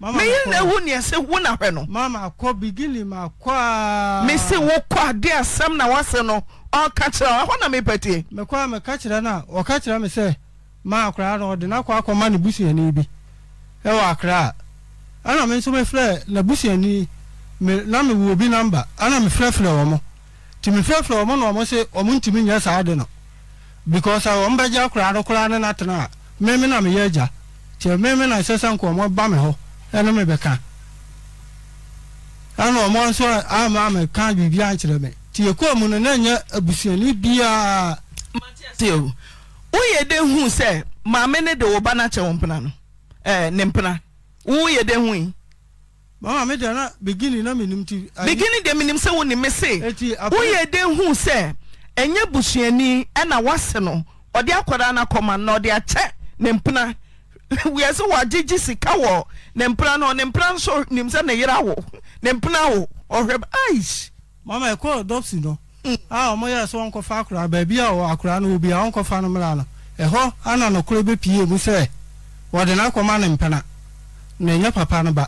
meyere na ɛhu neɛ sɛ wo na hwɛ no mamakɔ bigini makɔ a mese wokɔ ade asɛm na wase no ɔka kyerɛ wo ɛhɔ na mepɛtie mekɔ a meka kyerɛ no a ɔka kyerɛ me sɛ ma akɔraa no ɔde no akɔ akɔma ne busuani bi ɛwɔ akra ɛna me nso mefrɛ n'abusuani me na me wo bi namba ɛna mefrɛfrɛ wɔn nti mefrɛfrɛ wɔn na wɔn sɛ wɔn ntumi nyɛ saa de no because a wɔn bɛgye akora no koraa ne n'atena a mmemme na meyɛ agya nti mmemme na ɛsɛ sɛ nkɔmɔ ba me hɔ ɛne me bɛka ɛna wɔn nso ama ama ka biribi ankyerɛ me nti ekɔ mu no na nyɛ abusuani biara. woyɛ de hu sɛ maame ne de wo ba n'akyɛ wɔn pena no. Eh, ne mpena wo yɛ dɛn ho yi. mama mi dana bigini na mi nim ti. bigini de mi nim sɛ wo ni mi se wo yɛ dɛn ho sɛ ɛnyɛ busuani ɛna wase no ɔde akwadaa na kɔma na ɔde akyɛ ne mpena wiase wɔ agyegye sika wɔ ne mpena no ne mpena nso nim sɛ ne yera awo ne mpena wo ɔhwɛ b aish. mama ɛkɔ e dɔpsi no a wɔn yɛ sɛ wɔn kɔfa akwadaa baabi a wɔ akwadaa no obi bi a wɔn kɔfa no mmerɛ ano ɛhɔ ana nɔkora bɛ pie mu sɛ. wɔde n'akɔma ne mpena na ɛnyɛ papa no ba.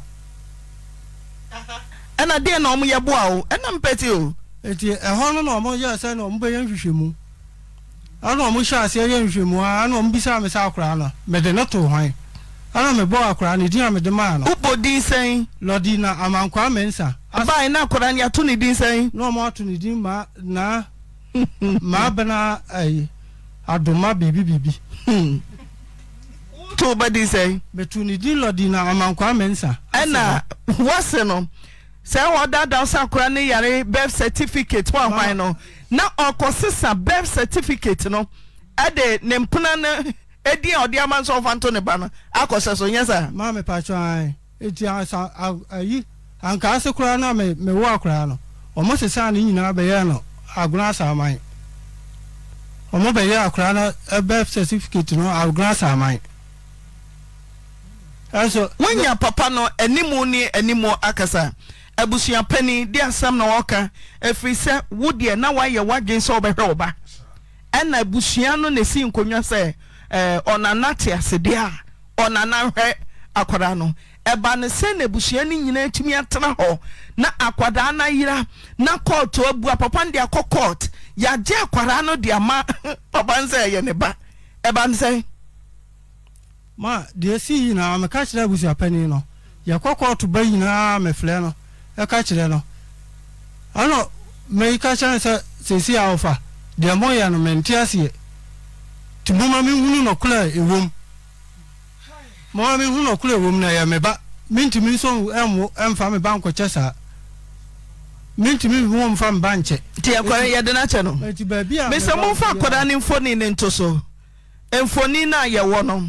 ɛna deɛ na ɔmo yɛ boa o ɛna mpɛte o. eti ɛhɔ no na ɔmo yɛ sɛ na ɔmo bɛyɛ nhwehwɛmu ɛna ɔmo hyɛ aseɛ yɛ nhwehwɛmu a ɛna ɔmo bisa mi sɛ akora no mɛde ne to hwan ɛna mɛ bɔ akora no din a mɛde maa no. wobɔ din sɛn. lɔdi na amankwa mɛnsa. abaayi na akora no yato ne din sɛn. na ɔmo ato ne din maa na maa bɛna ayi adoma biribi to bɛdi sɛ bɛtu ne din lɔdi na ɔmankwaa mɛnsa ɛna wɔse no sɛ wɔdada sa akora ne yare birth certificate wɔ na ɔkɔsesa birth certificate no ɛde ne mpena no ɛdi a ɔde ama nso ɔfa nto ne ba so nyɛ sa maa mepatwo ae ɛti ayi ankaa se koraa no a mewɔ akoraa no ɔmo sesaa ne nyinaa bɛyɛɛ no agona asaaman ɔmo bɛyɛɛ akoraa no eh, birth certificate wonya papa no animu ne animu akasa abusua pani de asɛm na wɔka ɛfiri sɛ wo deɛ na woayɛ woadwen sɛ wobɛhwɛ wo ba ɛna abusua no na ɛsi nkonnwa sɛ eh, ɔnana te asedeɛ a ɔnana hwɛ akwadaa no ɛba no sɛ na abusua no nyinaa tumi atena hɔ na akwadaa no ayera na kɔɔto abua papa no de akɔ kɔɔt yɛagye akwadaa no de ama papa no sɛ ɛyɛ ne ba ɛba no ma deɛ yi na meka kyerɛ abusuapani no yɛkɔ kɔɔto ba nyinaa mefrɛ no ɛka kyerɛ no ɛnɔ mɛyika kyerɛ no sɛ seesi a wɔfa deɛ mɔyɛ no mente aseɛ nti moma mehunu nɔkora ɛwom moma mehunu ɛwom na ɛyɛ meba mentumi nso ɛmwo ɛmfa me ba nkɔkyɛ saa mentumi wo mfa me ba nkyɛ nti ɛkɔre yɛde no akyɛ no mesɛ momfa akɔda ne mfoni ne so mfoni no a yɛwɔ no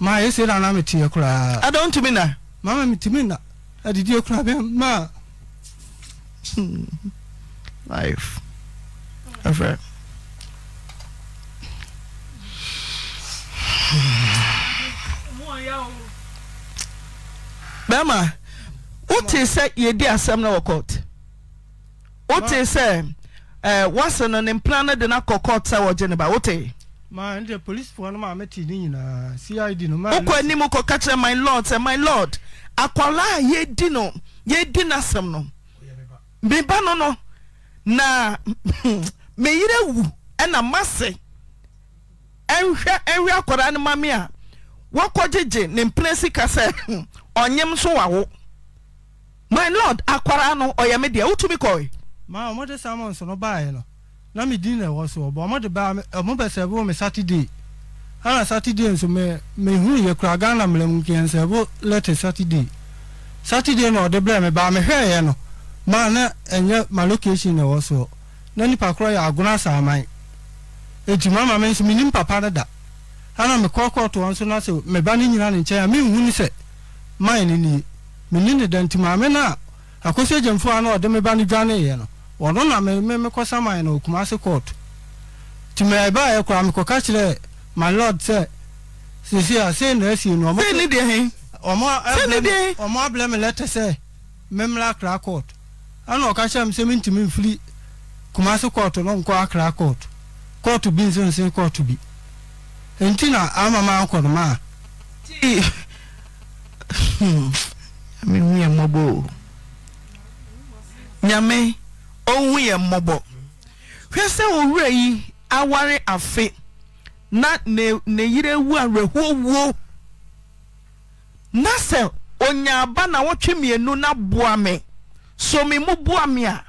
maa ese na anam tiɛ koraa. adan tumi na. maama mi tumi na adidi ekura bɛ maa. life ɛfɛ. bɛɛma wote sɛ yɛdi asɛm no wɔ court wote sɛ ɛɛ eh, wasa no ne mpena no de no akɔ court sɛ wɔgye ne ba wote. maa ma ndị polisifo no ma mete ne nyinaa cid no ma wokɔ anim kɔka kyerɛ my lord sɛ eh, my lord akwala a yɛdi no yɛdi no asɛm no meba no no na meyerɛ wu ɛna eh, mase ɛnhwɛ ɛnhwɛ akwadaa no mame a wɔkɔgyegye ne mpena sika sɛ ɔnyem so wawo my lord akwara no ɔyɛ me deɛ wotumi kɔe ma ɔmɔde samons no baeɛ no nami me na ɛwɔ so ɔbɔ ɔmo de ba ɔmo bɛ sɛbo me saturday ɛna saturday nso me me hu yɛ kura ghana mmerɛ mu kɛn sɛbo lɛte saturday saturday na ɔde brɛ me ba me hwɛ yɛ no maa na ɛnyɛ ma location na ɛwɔ so na nipa korɔ yɛ agona saaman eti mu ama me nso me nim papa da ɛna me kɔɔ kɔɔto wɔn nso na sɛ me ba ne nyina ne nkyɛn a me nhu ne sɛ maa yɛ ne nie me ne ne da maame na akɔsɛ gyamfoɔ a na ɔde me ba ne dwa ne yɛ no wɔno na mekɔsa mae na okumase court nti mebaɛ e kora mekɔka kyerɛ my lord sɛ sesi a sei na asie no ɔmo eh, abrɛ me lɛtɛ sɛ memmra akra court ɛna ɔka kyerɛ me sɛ mentumi mfiri kumase court no nkɔ akra court court bi nsonsen court bi nti na ama ma nkɔ no maa nyame owu yɛ mmɔbɔ hwɛ sɛ owura yi aware afe na ne ne yere ewu awerɛhoɔ wuo na sɛ onya na wɔtwe mmienu na boa me so me mu boa me a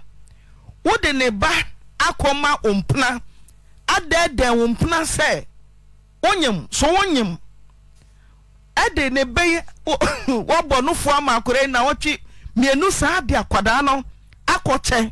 wode ne ba akɔma ompena adɛɛdɛɛ wo sɛ wonyim so wonyim ɛde ne bɛyi wɔbɔ no foɔ ama akora yi na wɔtwe mmienu saa de akwadaa no akɔkyɛ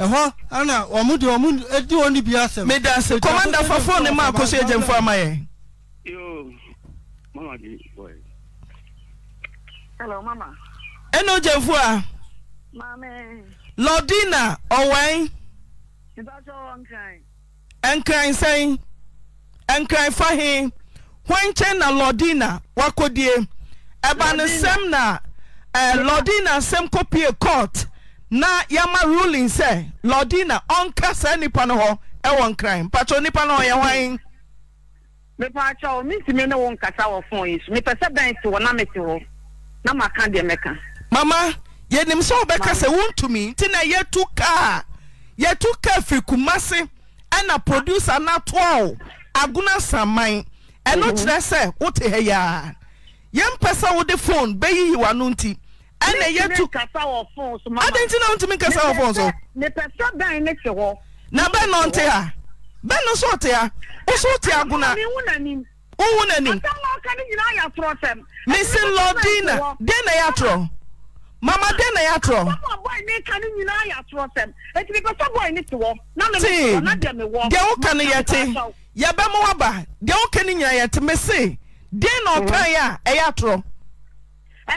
ɛhɔ ana ɔmo de ɔmo edi wɔn ni bi asɛm. mi da se kɔmanda fɔfɔ ne ma akoso ejemfo ama yɛ. yoo mama bi bɔ hello mama. ɛna ojemfo a. maame. lɔdina ɔwɛn. ìbájọ́ wọn kàn. ɛnkran sɛn ɛnkran fahin wɔn na lɔdina wakɔdie ɛbanisɛm na ɛɛ lɔdina sɛm kɔpie court na yama ruling sɛ lɔdina ɔnka saa nipa no hɔ ɛwɔ nkran mpatsɔ nipa no hɔ yɛ hwan. mepaakyɛw mintimi ne wo nkasa wɔ fon yi so mepɛ sɛ bɛn si hɔ na mete hɔ na maka deɛ mɛka. mama yɛnim sɛ wobɛka sɛ wontumi nti na yɛtu kaa yɛtu kaa firi kumase ɛna producer no atoa wo agona saman ɛno mhm. kyerɛ sɛ wote ha yɛa yɛmpɛ sɛ wode phone bɛyiyi w'ano nti ɛna ɛyɛ tu adi nti na ntumi nkasa wɔ fɔn so. mipɛsɛ bɛn ne ti hɔ. na bɛn na ɔnte ha bɛn no so ɔte ha ɔso ɔte aguna ɔnwu n'anim. mesi lɔdina den na yɛ atorɔ mama den na yɛ atorɔ. tii deɛ woka no yɛ te yɛbɛn mo waba deɛ woka no nyinaa yɛ te mesi den na ɔka yɛ a ɛyɛ atorɔ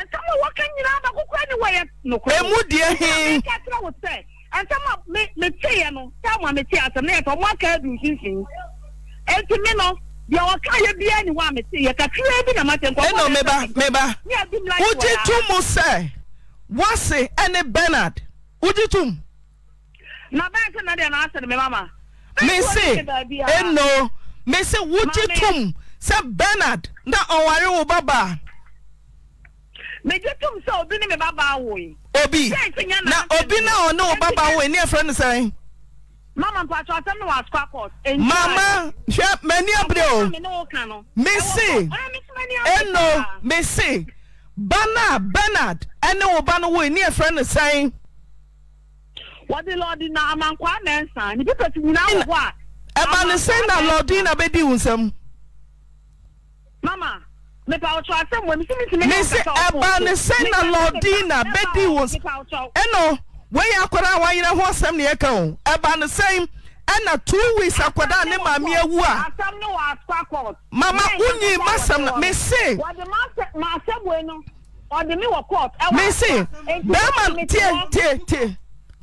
nsɛm a wɔka nyinaa no akokora ne wɔyɛ nokorɛ ɛmu deɛ hee ka kyerɛ wo sɛ nsɛm a meteeɛ no tam a metee asɛm na yɛtɔ ɔmo aka adu mfimfini enti me no deɛ wɔka yɛ biara ne hɔ a meteeɛ kakraa bi na matɛ nkɔmɔ ɛnɔ meba meba wogye to mu sɛ wase ɛne bernard wogye to mu na bɛn sɛ na deɛ na asɛ no me mama mese ɛnɔ mese wogye to mu sɛ bernard na ɔware wo babaa megye tom sɛ obi ne me babaa wo yi. obi na obi na ɔne wo babaa wo yi ne efra ne sɛn. mama mpatro asɛm na wa asukwa court. mama hwɛ mɛni abiri o mesi eno mesi bernard bernard ɛne wo ba no wo yi ne efra ne sɛn. wɔde lɔɔdi na amankwa mɛnsa ne pípɛ ti nyinaa wɔ hɔ a. ɛba ne sɛn na lɔɔdi na bɛ di nsɛm. mama mesi ɛba ne sɛ na lɔdina bɛdi wo ɛno wɔyɛ akwadaa a wayerɛ ho asɛm ne yɛka wo ɛba ne sɛn ɛna two weeks akwadaa ne maame awu a mama wonyi masɛm no mese mese bɛrima tie tie tie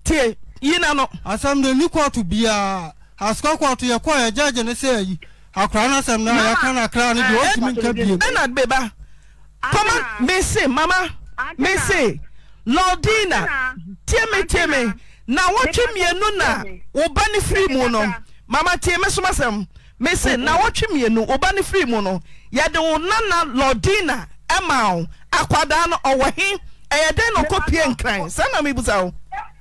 tie yina no asɛm de ni kɔɔto biaa asukɔ kɔɔto yɛ kɔɔ ne sɛ ayi akora no asɛm no yɛka no akra no deɛ ɔtumi nka bie ɛnad eh, beba kɔma mese mama mese lɔdina tie me tie me na wɔtwe mmienu na wo ba ne firi mu no mama tie me som asɛm mese na wɔtwe mmienu wo ba ne firi mu no yɛde wo nana lɔdina ɛma wo akwadaa no ɔwɔ he ɛyɛ dɛn na ɔkɔpie nkran saa na mebusa wo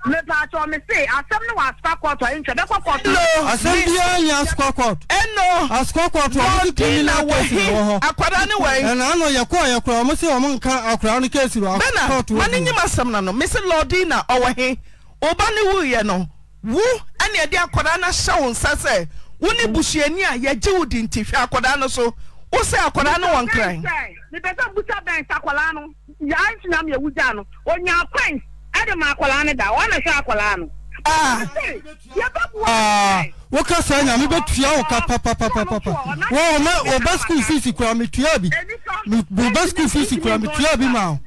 mepaatɔ ɔmi se asɛm no wɔ asukwa kɔɔtɔ ayi ntwɛ bɛkɔ kɔɔtɔ. asɛm biara nyɛ asukwa kɔɔtɔ. ɛnno asukwa kɔɔtɔ ɔmo ti kiri na wɔhi akwadaa ni wɔyi. ɛnna ano yɛ kɔɔ yɛ ya ɔmo ya ɔmo nka akwadaa no keesi wɔ akɔɔtɔ. bɛna mani nyim asɛm na no mesi lɔɔdi na ɔwɔhi ɔba ni wu yɛ no wu ɛna yɛde akwadaa na hyɛ wɔn nsa sɛ wo ne busuani a yɛgye wo di ɛde ma akwaraa no da wɔn ahwɛ akwaraa no. Ah. Ah. woka saa nyame bɛtua wo ka papapapapa wɔma wɔba school fees kora metua bi woba school fees kora metua bi ma wo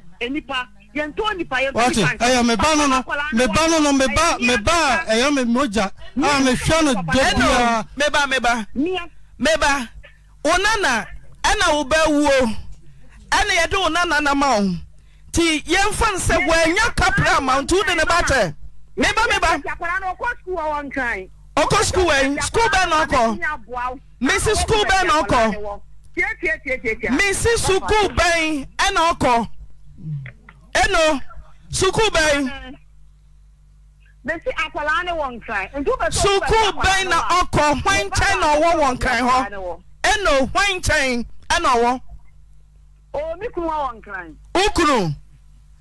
wɔte ɛyɛ meba no no meba no no meba meba a ɛyɛ me mogya a mehwɛ no dɔ biara meba meba meba wo nana ɛna wo bɛwuo ɛna yɛde wo nana na ma wo ti yɛmfane sɛ wɔanya capital mountowo de ne bate mebameba ɔk sukua skubɛn nɔ mesi sukubɛn nakɔmesi sukuubɛn ɛneɔɔɛn sukuubn sukuubɛn na ɔkɔ akyɛn na ɔwɔ wɔ kran hɔ ɛno hakyɛn ɛnɔ ɔwɔ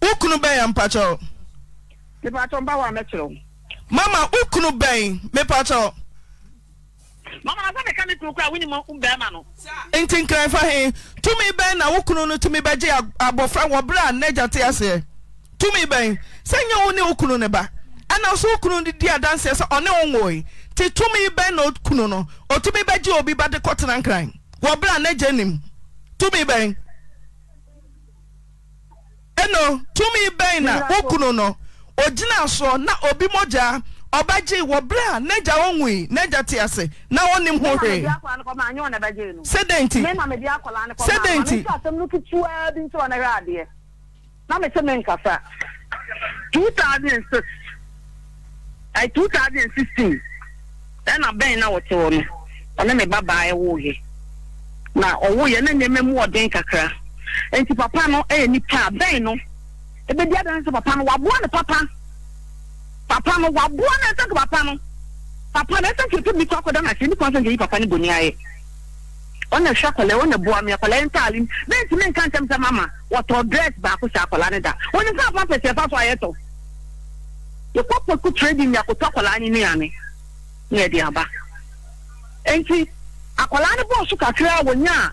wo kunu bɛn a mpakyɛw mama wo kunu bɛn mepakyɛw nti nkran fa tumi na wo kunu no tumi bɛgye abɔfra wɔberɛ a n'agya te aseɛ tumi bɛn sɛ nyɛ wo ne ba ɛna so wo kunu di adanseɛ sɛ ɔne tumi na no otumi obi ba de nkran a n'agya nim tumi ɛno tumi bɛn na wo no ogyina na obi mogyaa ɔbɛgyee wɔ berɛ a n'agya wɔnwui n'agya te ase na wɔnim ho hwee sɛdɛn nti sɛdɛn nti na mete me nkasa 2006 ɛna bɛn na wɔte no ɔne na na nneɛma mu ɔden kakra nti papa no yɛ eh, nipa bɛn no ebedi adan sɛ papa no waboa ne papa papa no waboa ne nsa ke papa no papa no ɛsɛ kete bi kɔ akɔda na nipa nsa nkɛ yi papa no boni ayɛ ɔna hwɛ akɔla ɔna boa mi akɔla ntaale mu mi nka ntɛm sɛ mama wɔtɔ dress baako hyɛ akɔla ne da wɔn nsa apa pɛsɛ fa so ayɛ tɔ yɛkɔ pɔku trading yakotɔ akɔla ne ne yane ne yɛ de aba nti akɔla ne bɔɔso kakra a wɔnya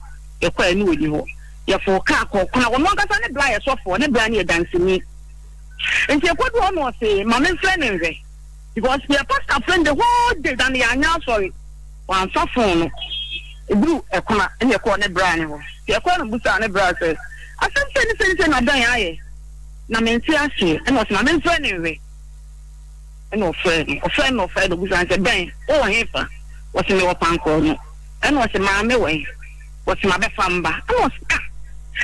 a ne wɔni hɔ yɛfo kaa kɔɔkwan wɔn ankasa ne bla yɛ ne bla ne yɛ dansini nti ekodu hɔ na ɔse maame nfrɛ ne nfɛ because yɛ pastor friend anya no eburu ne ne hɔ yɛ busa ne sɛ ne ne na dan na mɛ nti ɛna maame ne nfɛ ɛna wɔsi ma bɛfa mba ɛna ɔsi ah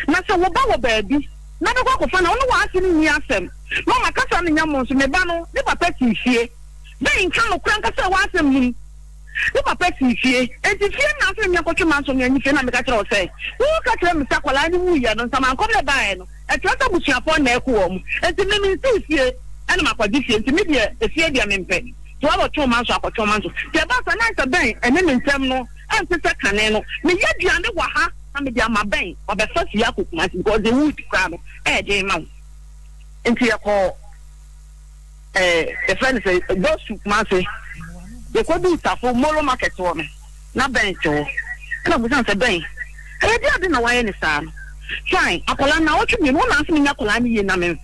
na sɛ wɔba wɔ baabi na bɛkɔ akɔfa na ɔno wɔ ase ne nyi asɛm na ɔma kasa ne nya mo nso ne ba no ne papa si fie bɛyi nka no kura nkasa wɔ asɛm mu ne papa si fie eti fie na afei mi akɔtwe ma nso mi anyi fie na mi ka kyerɛ ɔsɛ wɔn ka kyerɛ mi sɛ akwadaa ne mu yɛ no nsɛm ankɔm ne baayɛ no ɛkyerɛ sɛ busuafo na ɛkɔ wɔn eti mi mi nsi fie ɛna ma akɔgye fie nti mi deɛ efie deɛ mi mpɛ tí wọn bɔ tó o ma so akɔtɔ o ma so tí ɛ bá sɛ náà sɛ bɛn ɛnte sɛ kane no meyɛ aduane wɔ ha na mede ama bɛn ɔbɛfa akokuma si because wood no ma wo nti yɛkɔ eh, yɛfrɛ no sɛ gosu kuma se yɛkɔdu tafo market wɔ na bɛn ɛna busan sɛ bɛn ɛyɛ na wayɛ ne saa no fine akwadaa na ɔtwe akwadaa yie na nti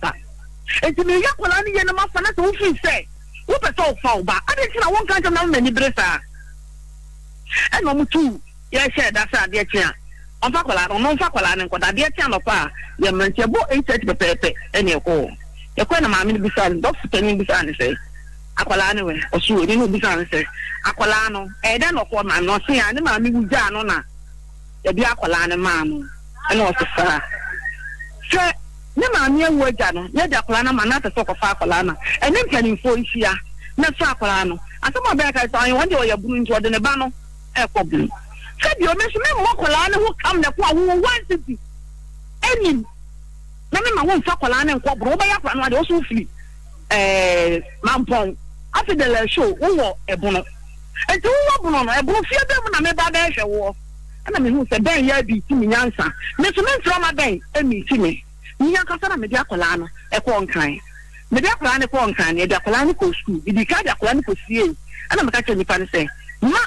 akwadaa yie na ma fa na sɛ wofin sɛ wopɛ sɛ ɔfa ɔba adi nti na wɔn na mɛ ni ɛna ɔmo tu yɛhyɛ ɛda adeɛ kye a ɔmfa akwadaa no ɔmfa akwadaa no nkɔda adeɛ a a yɛ mmeranteɛ bɔ eight pɛpɛɛpɛ ɛna ɛkɔ na maame no bisa e, no panyin no sɛ no wɛ e no sɛ no ɛda na maame wu na yɛbi no maa no ɛna saa maame agya no ma na atɛ ɔkɔfa akwadaa no ɛne nhyia na ɛfa no asɛm ɛkɔbom sɛdeɛ ɔno nso memmɔ kɔlaa ne ho kam ne ko a wowɔ one city anim na mema womfa kɔlaa ne nkɔboro wobɛyɛ akora no adeɛ wo so wofiri mampɔn afe de lɛhyo wowɔ ɛbono bono no ɛbono fie bɛ mu na meba bɛɛhwɛ woɔ ɛna sɛ bɛn yɛ bi ti mi nyansa ma bɛn ɛmi ti kasa na akɔlaa no akɔlaa ne akɔlaa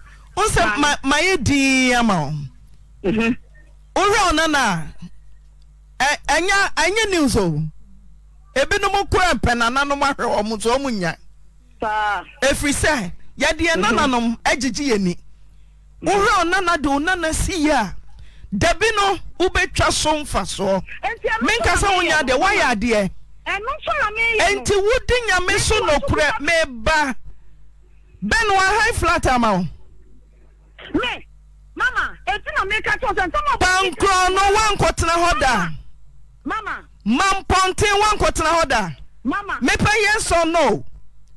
sɛ mayɛ dii ama wo wohwɛ wo no na ɛnyɛ nim so ebinom kora mpɛnananom ahwɛ wɔ mo so ɔ mu nya ɛfiri sɛ yɛdeɛ mm-hmm. nananom agyegye yɛni wohwɛ wo nana de wo nana si yie a dabi no wobɛtwa so mfasoɔ nkasa sɛ wonya adeɛ woayɛ adeɛ enti wodi nyame so nokorɛ meba bɛn wɔ high flat ama me mama eti na meka kyerɛ sɛ nsɛm ɔbɔ bankorɔ no woankɔtena hɔ da mama mampɔnten woankɔtena hɔ da mama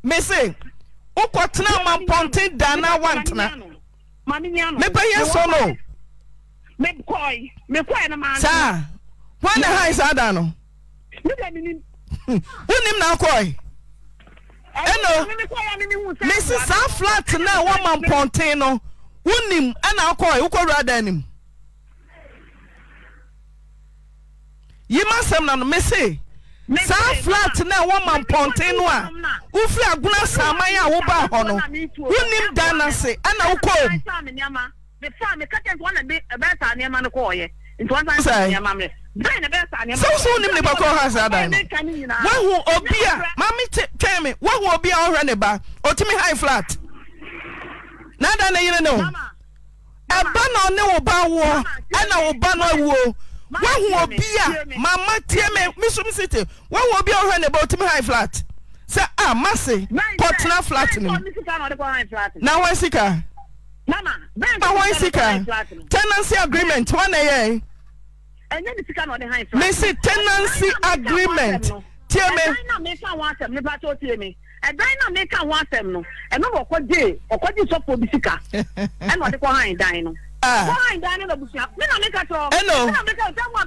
me se wokɔtena mampɔnten da na woantena mepɛ yɛ sɔ no saa wọn na ha ịsa ada no hmm. wonim na akọị ɛnna mesi saa flat na wɔn ma mpɔnten no. wonim ɛna akɔ wokɔwura dan nim yima sɛm na no mese saa flat na ɛwɔ ma mpɔnten no a wofiri agona saaman a wobaa hɔ no wonim dan no ase ɛna wokɔm sɛ wosɛ wonim nipa kɔ ha saa dan no woahu obi a mame twɛn me woahu obi a ɔhwɛ ne ba ɔtumi high flat n'ada na yere ne ho ɛba na ɔne wo ba awoɔ ɛna wo ba no awuo wahu obi a mama tie me misu mi si te wahu obi a ɔhwɛ ne ba otimi high flat sɛ a ah, mase kɔtena flat ne mu na wɔn sika na wɔn sika tenancy agreement wɔn na yɛ mesi tenancy agreement eh, tie me. ɛdan na meka ho asɛm no ɛno na ɔkɔgye ɔkɔgye sɔfoɔ bi sika ɛna ɔde kɔ han dan no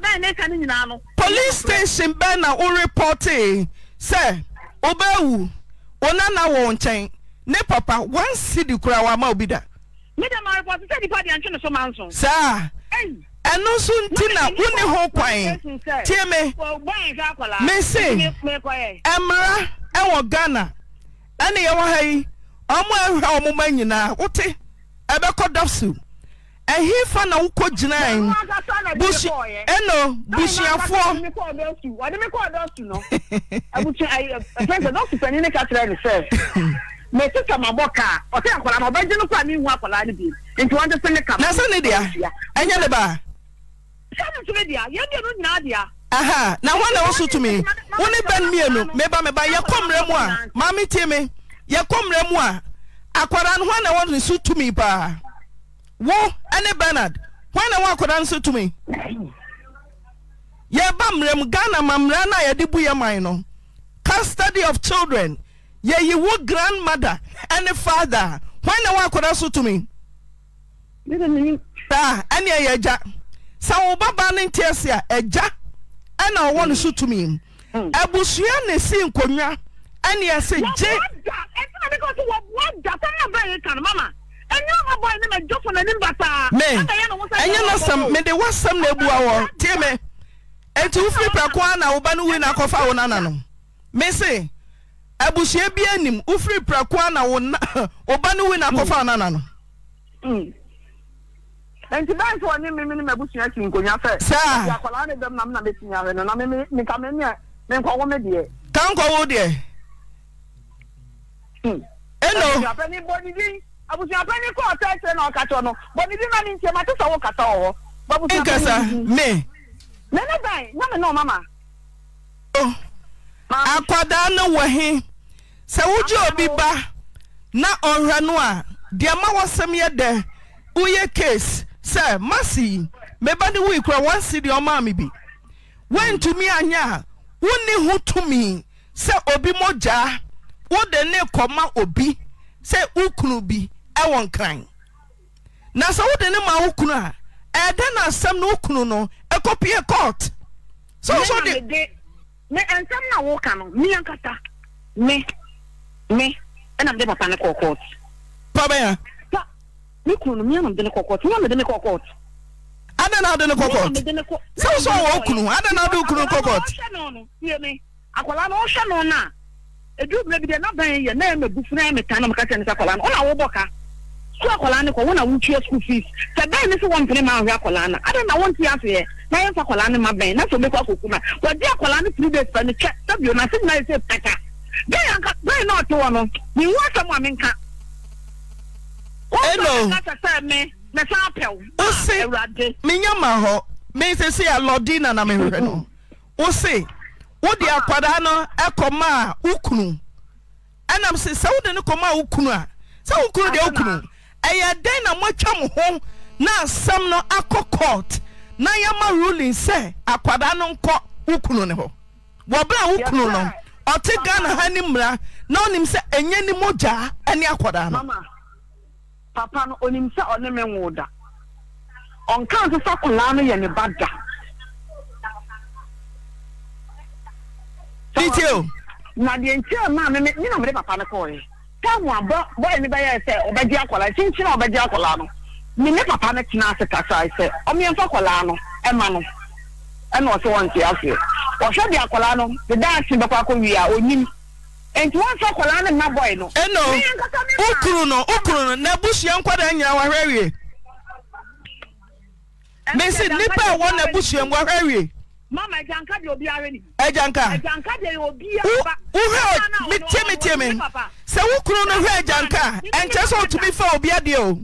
ɛno police station bɛn na worepɔtee na wobɛwu wo nana wɔ nkyɛn na papa one cedi kora wama obi da saa ɛno nso nti na wone ho kwan tie me mese ɛmmara ɛwɔ ghana ɛne yɛwɔ ha yi ɔmo ahwɛ ɔmo ma nyinaa wote ɛbɛkɔ dɔfso ɛhefa na wokɔ gyinae busu ɛno busuafoɔ mètí kàmá bọ ká ọtí àkọlà náà ọbẹ jẹ nípa mi hu àkọlà ni bi nti wọn ti fi ní kàmá. na sani dia ẹnyẹ ne ba. sani tún mi dia yẹn di ẹnu nyinaa dia. ana hɔn na wo so tumi wo ne bɛn ienu meba meba yɛkɔ mmerɛ mu a mametie me yɛkɔ mmerɛ mu a akwara n hɔna wɔne so tumi paa wo ne bernad hɔn na wɔ akaa n so tumi yɛba mmerɛm ghana mamara no a yɛde bu yɛ man no castody of children yɛyi wo granmadar ne fathera ɔn n o tmi ɛna ɔwɔ no so tumi mu abusua na esi nkonnwa ɛna ɛsɛ gye. ɛnyɛ nasɛm mede wasɛm na abua wɔ tie me ɛnti wofiri prɛko a na woba no wei na akɔfa wo nana no me se abusua bi anim wofiri prɛko a na woba no wei na akɔfa wo nana no nti bẹẹsi wọn ni mímí ni nkonya fẹ. sáà ìyá akwaraa ni bẹẹ na mi na bẹ nana mímí nka mímí ẹ mi nkọ wọmi diẹ. ká nkọ wọ diẹ. ẹnọ. abusuapẹ ni bonidi abusuapẹ ni kọ ọtẹ ẹsẹ na náà ni ntiẹ ma ti sọ kàtọ ọwọ. nkasa mi. bẹẹ náà mama. akwadaa no wɔ he sɛ obi ba na a ma sɛ masi meba ne woi kora wansi deɛ ɔmaa me bi anyɛ a wonni ho tumi sɛ obi mɔgyaa wode ne kɔma obi sɛ wokunu bi ɛwɔ nkran na sɛ wode ne ma a ɛɛdɛn na asɛm no wo no ɛkɔpie cort sɛsɛde nsɛm na woka no me me ɛna mede papa no mi kunu no mi anam de ne kɔkɔɔt mi anam de ne kɔkɔɔt. adan na ade ne kɔkɔɔt sáwọn sọ wọ okunu adan na ade okunu kɔkɔɔt. akwara na ɔhwɛ no na edu bile bi de na ban yɛ na yɛ mɛ bufu na yɛ mɛ tan na mɛ kasa ne sa akwara no ɔna awobɔ ka sukuu akwara ne kɔ wɔn na wotua sukuu fees sɛ bɛn ne sɛ wɔn mpene ma ahwɛ akwara na adan na wɔn ti afeɛ na yɛ nfa akwara ne ma bɛn na sɛ ɔbɛkɔ akoko na wɔdi akwara ne three days fɛ ne twɛ sɛbi o na se nyinaa yɛ sɛ pɛta bɛn na ɔte wɔ no ne nwa asɛm a menka hello wose menyama hɔ mesese a lɔdina na mehwɛ no wose wode akwadaa no ɛkɔma a wokunu ɛnam sɛ sɛ wode no kɔma a wokunu a sɛ wokunu deɛ wokunu ɛyɛ dɛn na moatwa mo ho na asɛm no akɔ court na yɛma ruling sɛ akwadaa no nkɔ wokunu ne hɔ wɔberɛ a wokunu no ɔte ghana ha ne mmara na ɔnim sɛ ɛnyɛ ne mogyaa ɛne akwadaa no papa no onim sɛ ɔne me nwo da ɔnka nso sɛ akwadaa no yɛ ne ba da titio na deɛ nkyɛn maa me me na mede papa no kɔɔeɛ taamu abɔ bɔyɛ ne bɛyɛ sɛ ɔbɛgye akwadaa kyinkyin a ɔbɛgye akwadaa no me ne papa no tena ase kasae sɛ ɔmeɛmfa akwadaa no ɛma no ɛna ɔsɛ wɔnte aseɛ ɔhwɛ de akwaraa no deda ase bɛkɔ akɔwie a onyim nti wọn fọ kọlaa ne mma bọyì no. ẹnọ ukuru no ukuru no na ebusua nkwadaa nyina wahwẹ wie mesi nipa a na ebusua mu wahwẹ wie. mama ẹjanka de obi ara ni. ẹjanka ẹjanka de obi ara. wuhẹ mi tie mi tie mi sẹ ukuru no hwẹ ẹjanka ẹnkyẹ sọ otumi fẹ obi adi o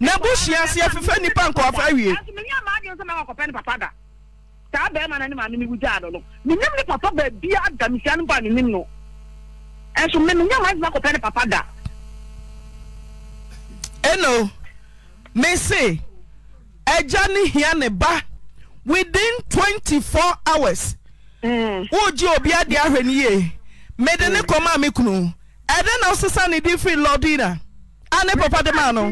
na ebusua si efifẹ nipa nkọ wahwẹ wie. ẹsùn mi ní ni papa na ni maame mi wújà àdọ no mi nim ni papa bẹẹ bi àdàmísíà nípa mi nim no ɛnso mmemme nyɛ maa ɛsɛ akɔpɛ ne papa da. ɛnno mesi ɛgya ne hia ne ba within twenty four hours. wogye obi adi ahwɛ ne yie mede ne kɔma a me kunu ɛde na ɔsesa ne di firi lɔdina a ne papa de maa no.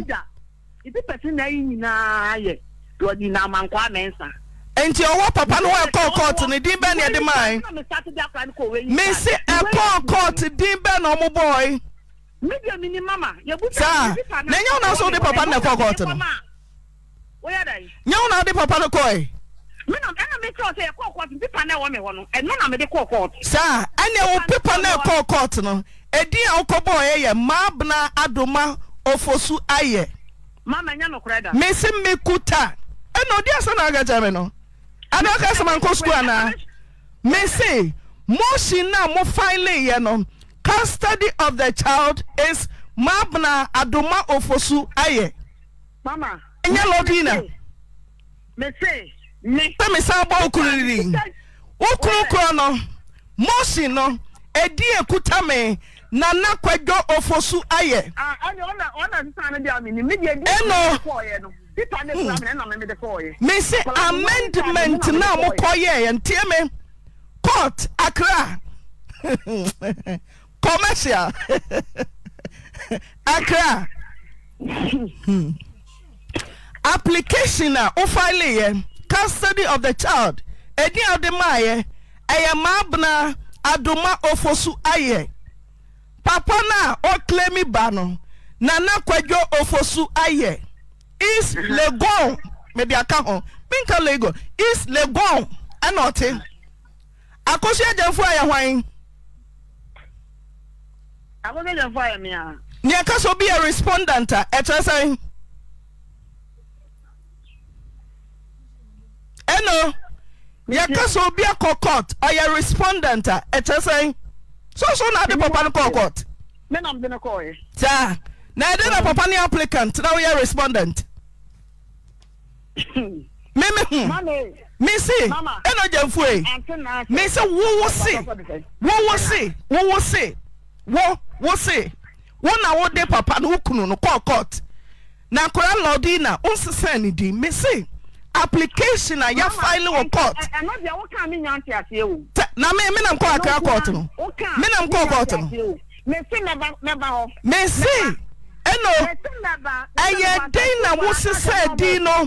ibi pɛsi na yi nyinaa yɛ lɔdina amankwa mɛnsa. nti ọwọ papa no ẹkọ kọọtù ni dín bẹ́ẹ̀ ni ẹ di maa yi mi si ẹkọ kọọtù dín bẹ́ẹ̀ na ọmọ bọ̀ yi. saa na nyẹ́wò náà sọ di papa na ẹkọ kọọtù no nyẹ́wò náà di papa no saa ẹni ẹwọ pípa náà ẹkọ kọọtù no ẹdín àwọn ọkọ bọ̀ ọ́ yẹ ofosu ayẹ. mi si mi kuta na mi nọ. adan ka sɛ mankɔ sukuu anaa mese motion na mo finally yɛ no custody of the child is mabna adoma ofosu ayɛ mama ɛnyɛ lɔdina mese me sɛ mesan bɔ okuru ni okuru kuro no motion no edi ekuta me nana kwadwo ofosu ayɛ ɛno. mense amendment na mokɔ yɛeɛntiɛ me cort akraa commercial akra hmm. application a wofaeleieɛ custody of the child adia wode maaeɛ ɛyɛ maabenaa adoma ofosu ayɛ papa no a ɔkle mi ba no na nakwadwa ofosu ayɛ east legon mede aka ho menka legon east legon ɛna ɔte akoso agyafo ayɛ hwan nea ɛka sɛ obi yɛ respondent uh, eh, a ɛkyerɛ sɛn ɛno yɛka sɛ obi akɔ court ɔyɛ respondent a ɛkyerɛ sɛn soso na ade papa no kɔɔ court saa na ɛde na papa ne applicant na woyɛ respondent mímí hù mí sí ẹnna jẹ fún ẹ mí sí wọ́wọ́ sí wọ́wọ́ sí wọ́wọ́ sí wọ́ wọ́ sí wọ́n na wọ́n dé papa ní kunu ní kọ́ọ̀kọ́t na nkora lọ́ọ̀dínà ó ń sísẹ́ ẹni dín mí sí application a yà fáìlì wọ court. ẹ ẹnọ bíi ọwọ kan mi yàn ti àti ewu. tẹ na mi mi nam kọ akara court no mi nam kọ court no. mèsì mẹba họ. mèsì ẹnọ ẹyẹ dín na wọ́n sísẹ́ dín no.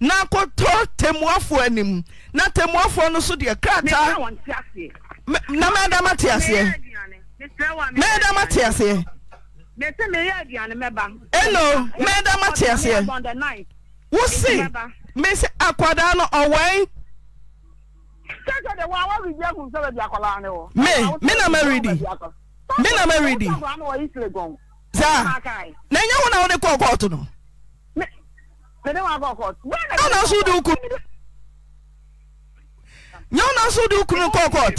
na akɔtɔ temuafoɔ anim na temuafoɔ no so deɛ krataa na mɛda ma te aseɛ mɛda ma te aseɛ ɛno mɛda ma te aseɛ wosi mesi akwadaa no ɔwɛn. me me na ma redi me na ma redi saa na nye wo na wo de kɔɔ no mede wa kɔ kɔɔt. nyɛ ɔna so de okunu nyɛ ɔna so de okunu kɔ kɔɔt.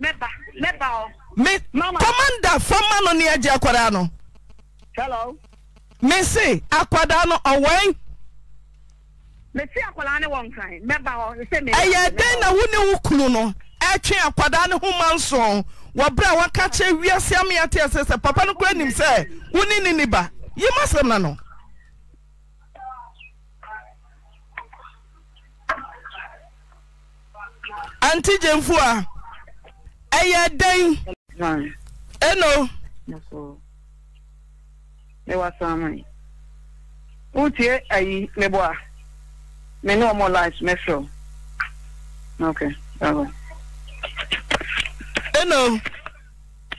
mɛba mɛba o. mi kɔmanda fama no ni ɛgye akwadaa no. hello. mi si akwadaa no ɔwɛn. mi si akwadaa ne wɔn kan mɛba hɔ ɛsɛ mi. ɛyɛ den na wo ne wo kunu no ɛtwe akwadaa ne ho ma nsɔn wɔ bere a wɔaka kyerɛ wiase ameateɛ sɛ sɛ papa no kura nim sɛ wo ne ne ne ba yi ma sɛm na no. anti gyemfo a ɛyɛ dɛn ɛno wotie ayi meboa me ne ɔmɔ life mɛfrɛ okay ɛno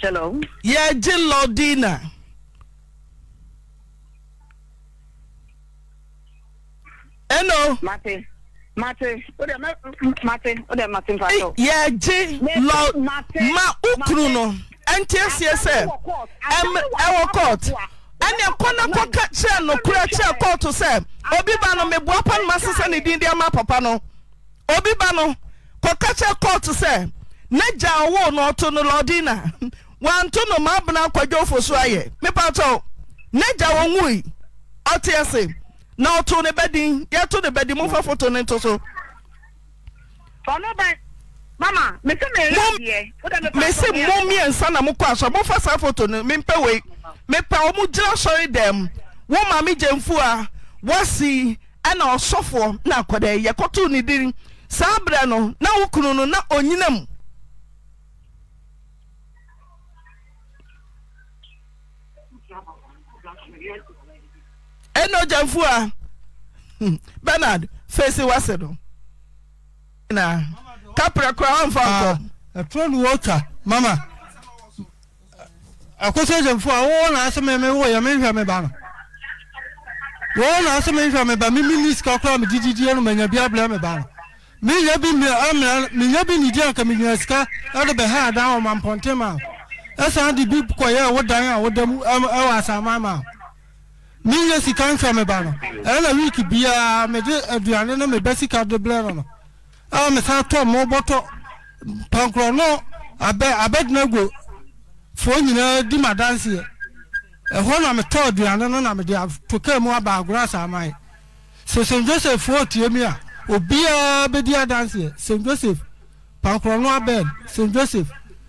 hello yɛgye lɔdina ɛno mate Mate, o de ma ukuru no ntie sie sɛ ɛwɔ kɔɔt ɛnna kɔ na n'okpuru ka kyerɛ no obi ba no mebua pa no ma sisa ne din ama papa nọ. obi ba no kɔ ka kyerɛ kɔɔt sɛ ma abena akɔdwa ofo so ayɛ mepatɔ ne gya wɔn ọtị ɔte na ɔto ne bɛ din yɛto ne bɛ din foto ne to so. mama mese mi yɛ mmiɛnsa na mo kɔ asɔ mo fa saa foto ne mi mpɛ wei mi pɛ ɔmo gyina sɔre dɛm wɔn maame gyɛnfu a wɔsi ɛna ɔsɔfoɔ na akɔda yɛ kɔto ne diri saa abira no na wokunu no na onyinam. ɛna ogyamfo ah, a bernard fesi wase no na kapra kora wamfa nkɔ ɛtoro ne wɔtwa mama akɔsɛ ogyamfo a wɔwɔ na asɛ me mewɔ yɛ menhwɛ me ba no wɔwɔ na asɛ menhwɛ me ba mi ne sika koraa medididie no manya bi abrɛ me ba no menya bi menya bi ne di anka menwia sika ɛde bɛhaa dan wɔ mampɔntem a ɛsan de bi kɔyɛ wo dan a woda mu ɛwɔ asamama a meyɛ sika mfa me ba no ɛyɛ na week biara mede aduane no meba sika de blɛ no no ɛwɔ mesan tɔ mo bɔtɔ pankorɔ no abɛ abɛdena go foɔ nyinaa di ma danseɛ ɛhɔ na metɔ aduane no na mede atokaa mu aba agorɔ asaamayɛ sɛ st joseph foɔ tie mi a obiara bɛdi adanseɛ st joseph pankorɔ no abɛn st joseph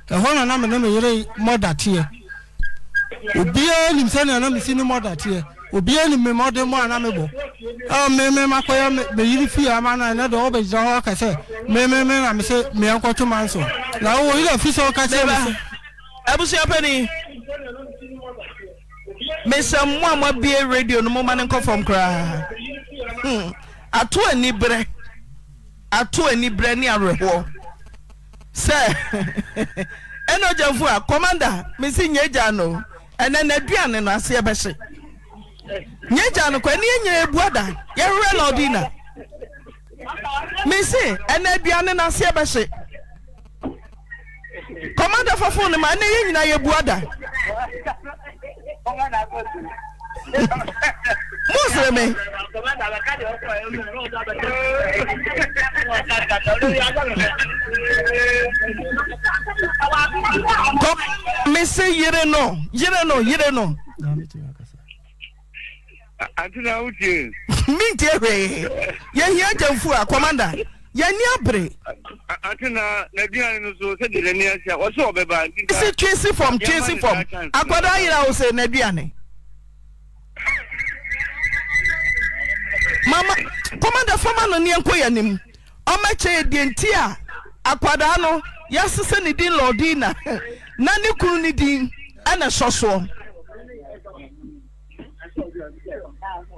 ɛhɔ na na mene meyere mɔdateɛ obiara nim sɛnea na mesi ne mɔdateɛ obiara ni mmemme ɔde mu ana mebɔ ɛwɔ mmemme meyiri fie ama na ɛnɛ bụ ịzụ ọhụrụ kese mmemme na mesɛ mmea nkɔto ma nso na wowɔ yi na fi ọ ɔka kyerɛ me sɛ abusua pani mesɛ mo a moabie radio no moma ne nkɔ fam koraa ato ani berɛ ato ani berɛ ne awerɛhoɔ sɛ ɛna ogyafo a kɔmanda mesi na gya no na n'aduane no aseɛ nyagya no kwa ya yɛnyina abua da yɛwerɛ laodina mese ɛna aduane no aseɛ bɛhye kɔmanda fafo no ma ɛnɛ yɛ nyina yɛbua da mosere me mese yere no yere no yere no Atena uche. Minti ewe. Yɛn hia jamfu a kɔmanda. Yɛn ni abere. Atena na di ani nso sɛ de n'ani ase a wɔsɛ ɔbɛba. Twesi twesi fɔm twesi fɔm. Akwadaa yira o sɛ na Mama kɔmanda fama no ni nko yɛ nim. Ɔmɛkyɛ edienti a na na ne kunu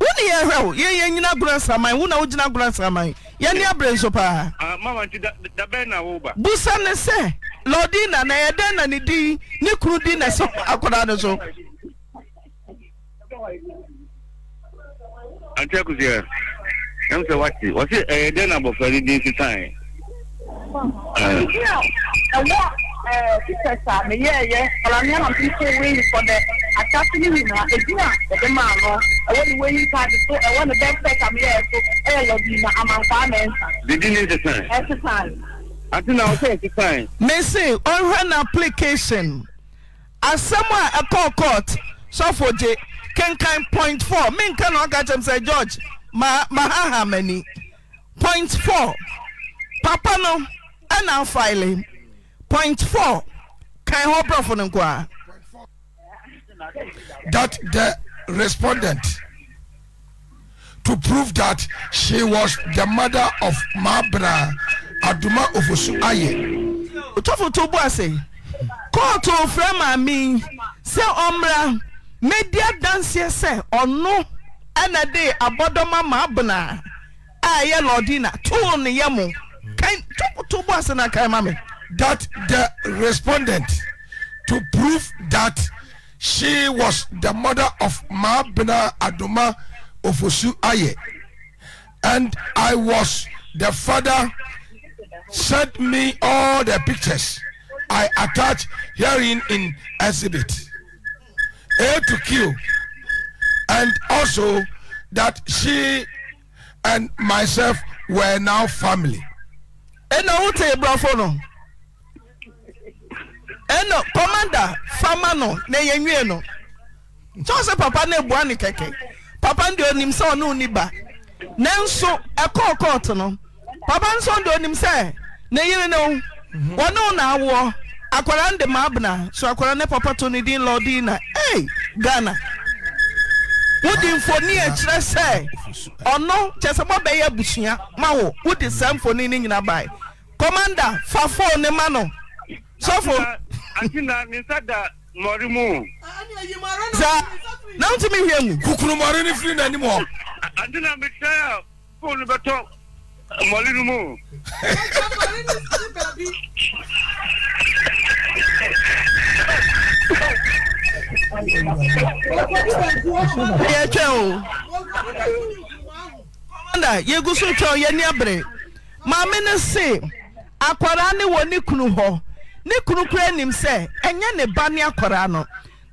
wone yɛ hwɛ wo nyina goro asraman wo na wogyina goro asraman yɛne aberɛ nso paa busa ne sɛ lɔdina na ɛyɛ dɛn na ne din ne kunu din na ɛsɛ akwadaa no so ante akusia ɛm sɛ wate wɔse ɛyɛ dɛn na abɔfra no din sitae Eh, teachers a meyɛɛyɛ ɔlɔnea na mpem sɛ wei kɔ dɛ akyase no nyinaa ɛdina ɛde maa no ɛwɔ ne wei so ɛwɔ ne bɛfɛt a meyɛɛ so ɛyɛ lɔdii na amankwaa na ɛnsa na ɔsɛ ɛsesan mese ɔnhwɛ no application asɛm a ɛkɔɔ court point four menka na ɔka kyɛm sɛ george ma mahaham ani point four papa no ɛna afaile point four kan hɔ brɔfo no nkoa that the respondent to prove that she was the mother of mabra aduma ofosu aye. otofo to bu ase kóòtù òfurẹ́ maami sẹ ọmọra media danseɛ sɛ ɔno ɛna de abɔdɔma maabena a ɛyɛ lɔɔdina tóo ne yɛ mo kan tó bu ase na kan ma that the respondent to prove that she was the mother of Mabina Adoma Ofosu Aye and I was the father sent me all the pictures I attach herein in exhibit A to Q and also that she and myself were now family. ẹ na wọ́n tẹ ɛnna kɔmanda fama no na yɛ nwie no kyɛw papa na ebua ne kɛkɛ papa no onim sɛ ɔne oni ba nanso ɛkɔɔ kɔɔto no papa nso deɛ onim sɛ ne yere no wɔne wo na awoɔ akwara no ma abena so akwara ne papa to ne din lɔɔdin na ee ghana wodi mfoni akyerɛ e sɛ ɔno kyɛ sɛ mɔbɛyɛ abusua ma wo wode saa mfoni no nyina bae kɔmanda fa foo ne ma no sɔfo antina ne nsa da mmɔre mu. saa na n tumi hwɛ mu. kukuru mmɔre ni firi n'anim hɔ. antina mi tẹ a fóònù bɛ tɔ mmɔre ni mu. yɛ twɛ o kɔmanda yegu so twɛ o yɛ ni abere maame ne se akwara ne wɔ ne kunu hɔ ne kunu kura anim sɛ ɛnyɛ ne ba ne akwaraa no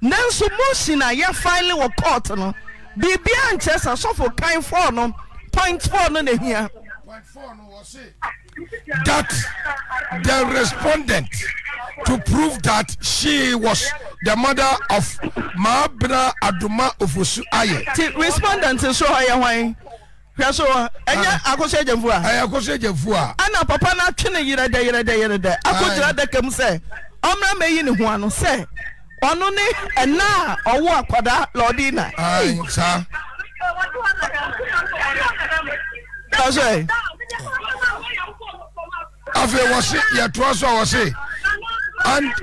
nanso motion a yɛfaile wɔ court no biribia nkyerɛ sɛ sɔfo kan four no point four no na hia. that the respondent to prove that she was the mother of maabra aduma ofosu aye. ti respondent nso hɔ yɛ hwan hwɛso ɛnyɛ ah. akɔsɛ agyɛmfu a. ɛyɛ akɔsɛ agyɛmfu a. ɛna papa no atwe ne yerɛdɛ yerɛdɛ yerɛdɛ adaka mu sɛ ɔmmra mɛyi ne ho ano sɛ ɔno ne ɛna a ɔwo akwadaa lɔɔdina. ayi saa. ɛsɛ. afei wɔsi yɛtoa so a wɔsi and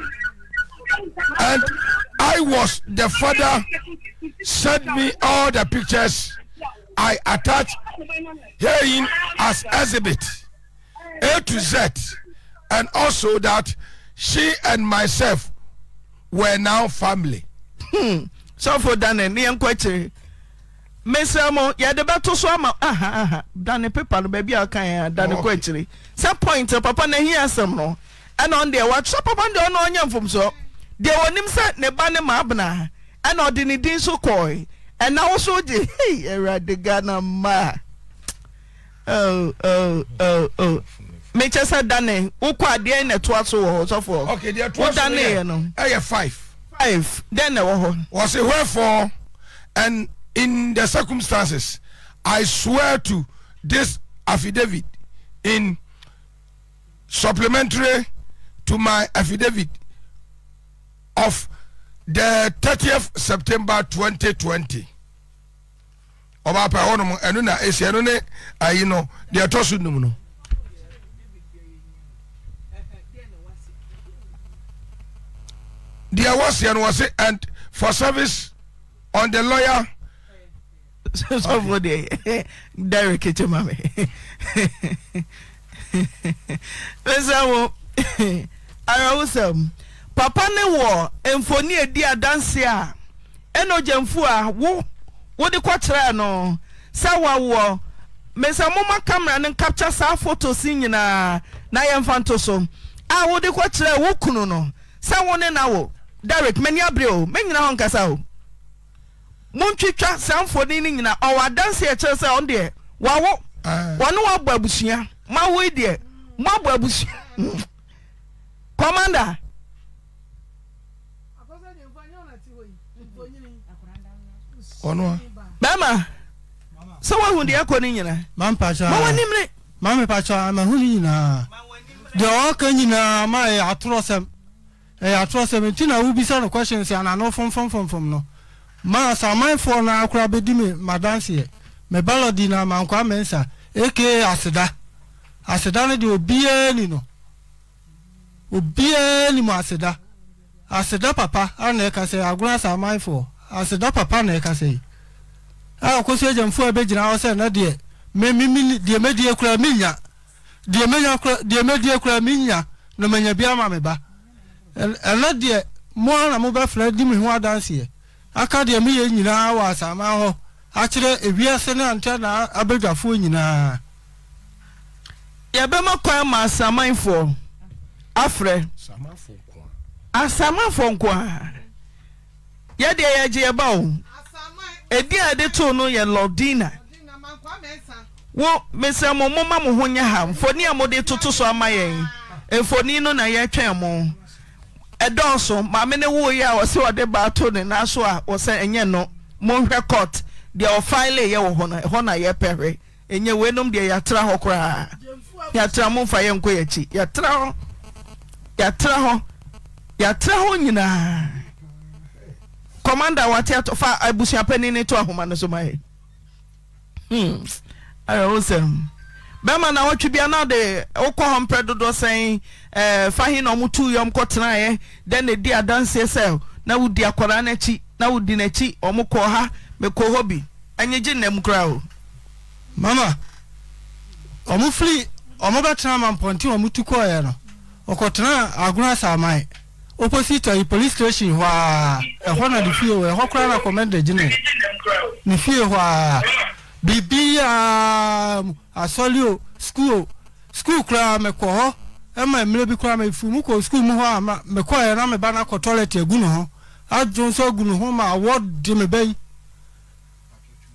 and i was the father Send me all the pictures. I attach herein as exhibit A to Z, and also that she and myself were now family. Hmm. So for ní yẹn kọ ekyiri ya yàda bẹ to so ama aha aha dani pepa no bẹẹbi aka yẹn sẹ point eh, papa na ehi asẹm no papa ndẹ ono na ọnyẹ nfọmsọ deɛ wɔnim sɛ ne ba din so ɛna woso gye hei awurade ghana mmaa oh, oh, oh, oh. mekyɛ sɛ dane wokɔ adeɛ na ɛtoa so wɔ hɔ sɔfoɔ wodaneɛ no ɛyɛ five five dɛn na ɛwɔ hɔ wɔse for, and in the circumstances i swear to this affidavit in supplementary to my affidavit of the 30th september 2020 ɔbaapa ɛhɔ nom ɛno na esi ɛno ne ayi no deɛ ɛtɔ so num no deɛ wɔseɛ no wɔse and for service on the lawyer. sọfọ de derek kye ma mi n sẹ wo arawusam. papa ne wɔ mfoni edi adansi a ɛna ogyamfu a wo wode kɔkyerɛɛ no sɛ woawoɔ mesa momma kamera no nkapkya saa fotosi nyinaa na yɛmfa nto so a wode kɔkyerɛɛ wo kunu no sɛ wo ne na wo darik m'ani aberɛ o mɛnyina hɔ nkasa o montwitwa saa mfoni no nyina ɔwɔ adanse ɛkyerɛ sɛ ɔn deɛ wawo wɔne woabɔ abusua mawoi deɛ moabɔ abusua kɔmanda ɔno bɛma sɛ woahu deɛ ɛkɔ no nyinaa mampakyɛmawɔnimre mame pakyɛ mahu no nyinaa deɛ ɔka nyinaa ma ɛyɛ atorɔ sɛm ɛyɛ atorɔ sɛm nti na wobisa no question sɛ anano fomfomfomfom no ma samanfoɔ no akora bɛdi me madanseɛ me balɔdi na mankwa mensa eke aseda aseda no deɛ obiaa ni no obiaa ni mu aseda aseda papa ana ɛka sɛ agorɔ samanfoɔ ase dɔ papa na ɛka sɛ yi a ɔkɔ so agyamfo a bɛgyina hɔ sɛ na deɛ memimi deɛ mɛdie kora menya deɛ menya kora deɛ mɛdie kora menya na manya bia ma me ba ɛnɛ deɛ mo ara na mobɛfrɛ di me ho adanseɛ aka deɛ meyɛ nyinaa wɔ asama hɔ akyerɛ ewiase na ante na abadwafoɔ nyinaa yɛbɛma kwan ma asamanfoɔ afrɛ asamafoɔ nko gye yɛgye yɛba o edi a yɛde too no yɛ lɔdina wo mesrɛ mo ma mo ho nya ha mfoni a de toto so ama yɛn mfoni no na yɛtwɛn mo ɛdɔɔso maame ne woo yi a wɔsɛ wɔde baato ne na so a wɔsɛ ɛnyɛ no monhwɛ court deɛ ɔfaele yɛ wɔ hɔ no ɛhɔ na yɛpɛhwɛ ɛnyɛ weinom deɛ yɛatra hɔ koraa yɛatra momfa yɛnkɔ yɛkyi yɛtra hɔ yɛatra hɔ yɛatra hɔ nyinaa kọmanda kɔmanda watefa abusuapani ne to ahoma no so mayɛ hmm. awo sɛm bɛima na wɔtwe bia na de wokɔ hɔ mprɛ dodoɔ sɛn eh, fa he na ɔmotu yɔm kɔtenaeɛ dɛn ne di adanseɛ sɛ na wodi akɔdaa no akyi na wodi n'akyi ɔmo kɔ ha mekɔ hɔ bi ɛnye gye nnam koraa o mama ɔmo firi ɔmo bɛtena mampɔnten ɔmo tu kɔɔeɛ no ɔkɔtena agorɔ asaamae opposite a police station hɔ e ɛhɔ na ne fie wɔ ɛhɔ koraa na commander gyina ne fie hɔ a biribi a asɔre o school o school koraa mɛkɔ hɔ ɛma mmerɛ bi koraa mɛfu mu kɔ school mu hɔ a mɛkɔ yɛ na mɛba na kɔ toilet agu eh, no ho adwo nso agu ne ho ma awɔ de eh, eh, me bɛyi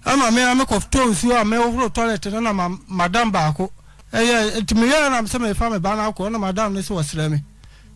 ɛma me na mɛkɔ to nsuo a mɛhohoro toilet no na madam baako ɛyɛ nti meyɛ na sɛ mɛfa mɛba no akɔ na madam no sɛ wɔsrɛ me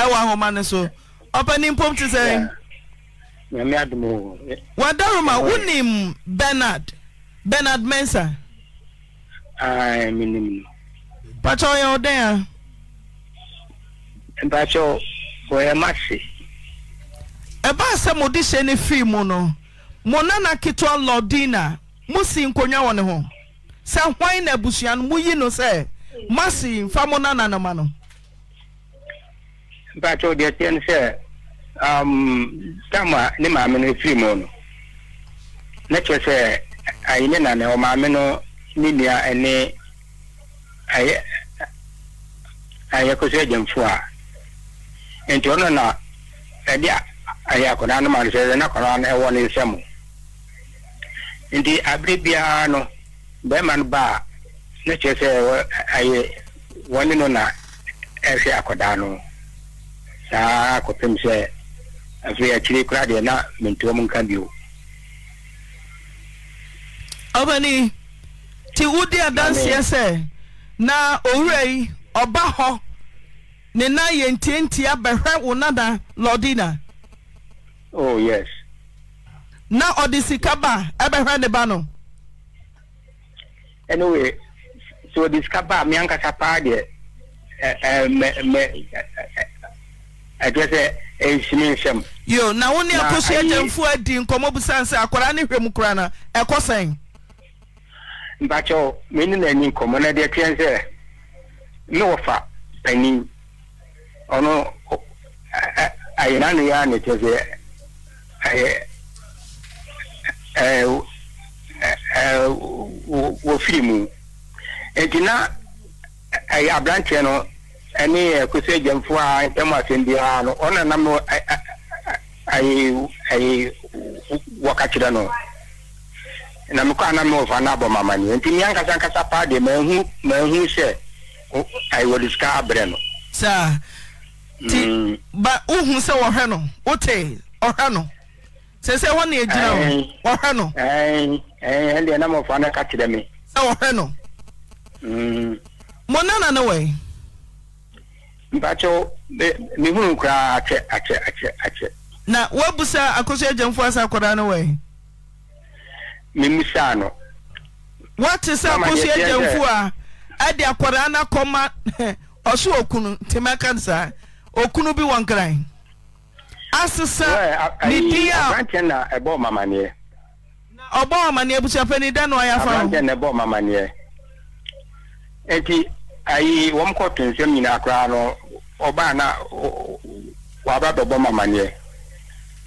ɛwɔ ahoma so ɔpani mpom te sɛ wadaroma wonim bernard bernard mensa pakyɛ ɔyɛ wo dɛn a mpakyɛ sɛ mode hyɛ no fii mu no mo nana ketewa lɔdina nkonnwa wɔ ne ho sɛ hwan na abusua no no sɛ masi mfa mo mpatsɔ deɛ teɛ no sɛ tam um, a ne maame no firi mu no na kyerɛ sɛ ayi ne nana ɔmaame no ne nua ɛne ayɛ ayɛ kɔsɔ agyamfo a nti ɔno na ɛde ayɛ akwadaa no ma no sɛ ɛna akwadaa no ɛwɔ ne nsam nti abere biara no bɛrima no baa ne kyerɛ sɛ ayɛ wɔne no na ɛhwɛ akwadaa no saa kɔpem sɛ afei akyire koraa deɛ na mentoɔ mu nka bio ɔbani nti wodi adanseɛ sɛ na owura yi ɔba hɔ ne na yɛ ntiantia bɛhwɛ wo nada lɔdina oh yes na ɔde sika ba ɛbɛhwɛ ne ba no anyway sɛ ɔde sika ba me ankasa paa deɛ ɛkyɛ sɛ ɛnhyimi nsɛm. yo na wo ne akosi agyɛnfo adi nkɔmɔ busa nsɛ ne hwɛ mu kora ɛkɔ sɛn. mpakyɛw me ne n'ani nkɔmɔ na deɛ teɛ sɛ ne wɔfa panin ɔno ne kyɛ sɛ ɛyɛ wɔfiri mu nti ɛyɛ no ɛne ɛkosi agyamfo a ntɛm asɛm bi ha no ɔna nam no ayi ayi wɔka kyerɛ no na mekɔ anam no ɔfa no abɔ mama no nti me ankasa ankasa paa deɛ mahu mahu sɛ ayi wɔde sika abrɛ no saa nti ba wohu sɛ wɔhwɛ no wote ɔhwɛ no sɛ sɛ wɔne agyina wo wɔhwɛ no ɛdeɛ na mɔfa no ka kyerɛ me sɛ wɔhwɛ no mo nana no wei mpakyɛw ne hunu koraa akyɛ akyɛ akyɛ akyɛ. na wabusa akoso agyamfo asa akwadaa no wɛ. memusaa no. wate sɛ akoso agyamfo a ɛde akwadaa no akɔma ɔso okunu tèmɛka no saa okunu bi wɔ nkran asesa ne di a. aberanteɛ na ɛbɔ mamaneɛ. ɔbɔ mamaneɛ busuapɛni da na ɔyɛ afa ho. na ɛbɔ mamaneɛ. ayi wɔn kɔɔto nsɛm nyinaa koraa no ɔbaa na waba bɛbɔ mamaneɛ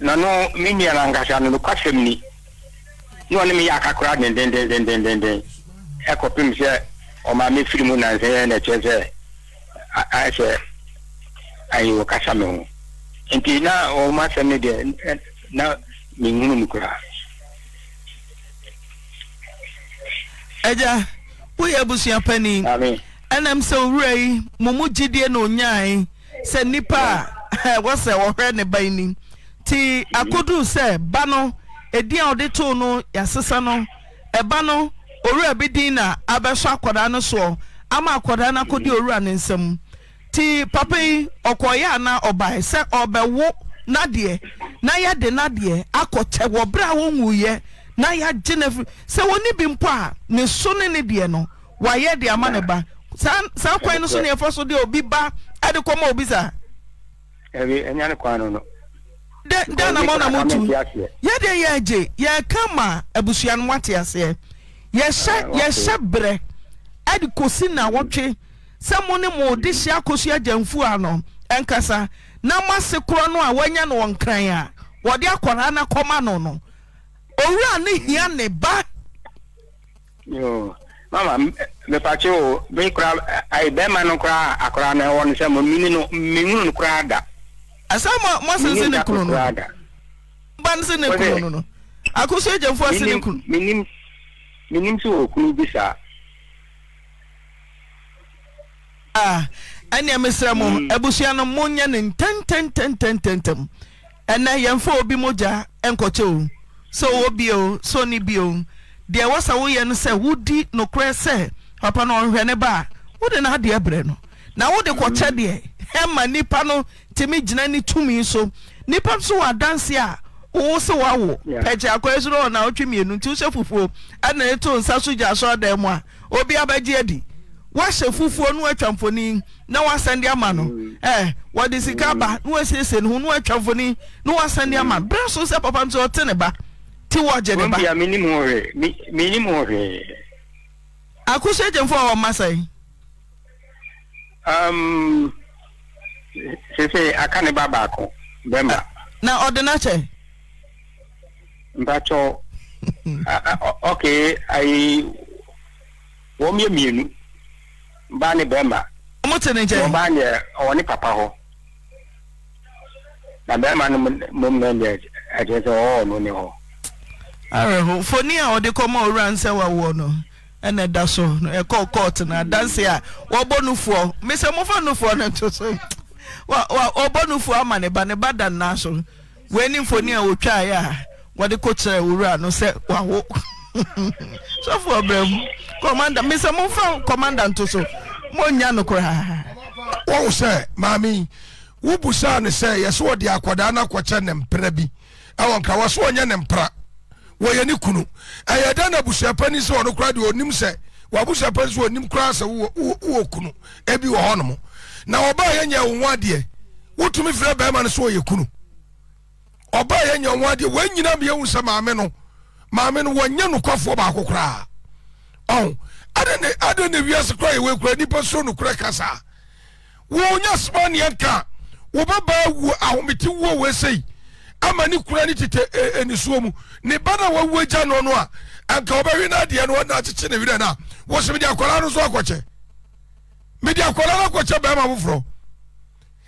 na no me nua no ankasa no ni na ɔne meyɛ aka koraa dendendendendenden ɛkɔpem sɛ ɔma mefiri mu nansɛɛ na ɛkyɛ sɛ sɛ ayi wɔkasa me ho nti na ɔma sɛm no deɛ na menhunu mu koraa agya woyɛ abusua pani ɛnam sɛ owura yi mo mu gyidie na onyae sɛ nnipa a wɔsɛ wɔhwɛ ne ban ni nti akoduu sɛ ba no ɛdin a ɔde too no yɛasesa no ɛba no owura bi din na abɛsɔ akwadaa no soɔ ama akwadaa no akɔdi owura ne nsam nti papa yi ɔkɔyɛ ana ɔbae sɛ ɔbɛwo nadeɛ na yɛde nadeɛ akɔkyɛ wɔ berɛ a wɔnwuyɛ na yɛagye no afiri sɛ wɔni bi mpo a ne so ne ne deɛ no wayɛ de ama ne ba saa kwan no so ne yɛfɔ so deɛ obi ba ɛde kɔma obisa ɛn nanmɔtum yɛdeɛ yɛagye yɛka ma abusua no mo ateaseɛ yɛhyɛ berɛ ade kosi na wɔtwe sɛ mo ne mɔ de hyia akɔsuagyamfu a no ɛnkasa na moase korɔ no a wɔanya ne wɔ nkran a wɔde akɔraa na kɔma no no ɔwuraa ne hia ne ba mama mepakye o mi kora ayi bɛrima no kura akora na ɛwɔ no sɛ mo mini no mihunu no kura da. asa mo mo sese ne kunu no ba ne se ne kunu no no akoso ejafo ase ne kunu. minim minim si wɔ kunu bi saa. a ɛnna mesra mm. mo abusua no mo nyɛ ne ntɛntɛntɛntɛntɛm ɛnna yɛn fɔ obi mo gya o so wo bi o so ni deɛ wasa sa woyɛ no sɛ wodi nokorɛ sɛ papa no ɔnhwɛ ne ba a wode no adeɛ berɛ no na wode kɔkyɛ mm. deɛ ɛma nnipa no tumi gyina ne tumi so nnipa nso wɔ adanse a wowo se woawo pɛkyɛ akɔyɛ so no ɔna wotwe mmienu nti wohyɛ fufuo ɛna ɛto nsa so gya so ɔdan mu a obi abɛgye adi woahyɛ fufuo no atwa mfoni na woasɛnde ama no mm. ɛ wɔde sika ba mm. na wasiesie ne ho na woatwa mfoni na woasɛnde ama berɛ so sɛ papa no sɛ ɔte ne ba ti wɔ gye ne ba. wɔn bi a mi ni mu ɔrɛ mi ni mu ɔrɛ. akoso ejemfo a wɔn masa yi. Um, sese aka ne ba baako bɛrima. na ɔde n'akyɛ. mpatsɔ ɔke ayi wɔn yɛ mienu baa ne bɛrima. wɔn te ne nkyɛn. wɔn baa ne ɔwɔ ne papa hɔ na bɛrima no mo mɛ ne ɛkyɛ sɛ ɔwɔ ɔno ne awerɛho foni a ọ kɔma owura nsɛ wawoɔ ụwa ɛna da so ɛkɔɔ kɔɔt no adanse a wɔbɔ no foɔ mesɛ mofa no foɔ no nto so ɔbɔ no foɔ ama ne ba ne ba da nnaa so wani mfoni a wɔtwaeɛ a wɔde kɔkyerɛ owura no sɛ wawo sɔfo ɔbrɛ mu kɔmanda mesɛ mofa kɔmanda nto so monya no koraa wɔwo sɛ maame wobusaa ne sɛ yɛsɛ wɔde akwadaa no ne bi ɛwɔ nka wɔ so ne wɔyɛ ne kunu ɛyɛ dɛ na abusuapani sɛ ɔno koraa deɛ ɔnim sɛ wabusuapani sɛ ɔnim koraa sɛ wowɔ kunu ebi wɔ hɔnom na ɔbaa yɛ nyɛ wo adeɛ wotumi frɛ bɛrima no sɛ ɔyɛ kunu ɔbaa yɛ nyɛ wo adeɛ wɔn nyinaa mi ehu sɛ maame no maame no wɔnyɛ no kɔfoɔ baako koraa ɔn ade ne ade ne wiase koraa yɛ wɔ ekura nipa so no koraa kasa wɔn nyɛ soma neɛ nka wɔbɛbaa wu ahomete wɔ ese ama ne kura ne tete enisuo eh, eh, mu ne ba na wawu agya no no a anka wɔbɛhwe no adeɛ no wɔna akyekye ne werɛ no a wɔsɛ mede akwaraa no so akɔkyɛ mede akwaraa no akɔkyɛ bɛrima foforɔ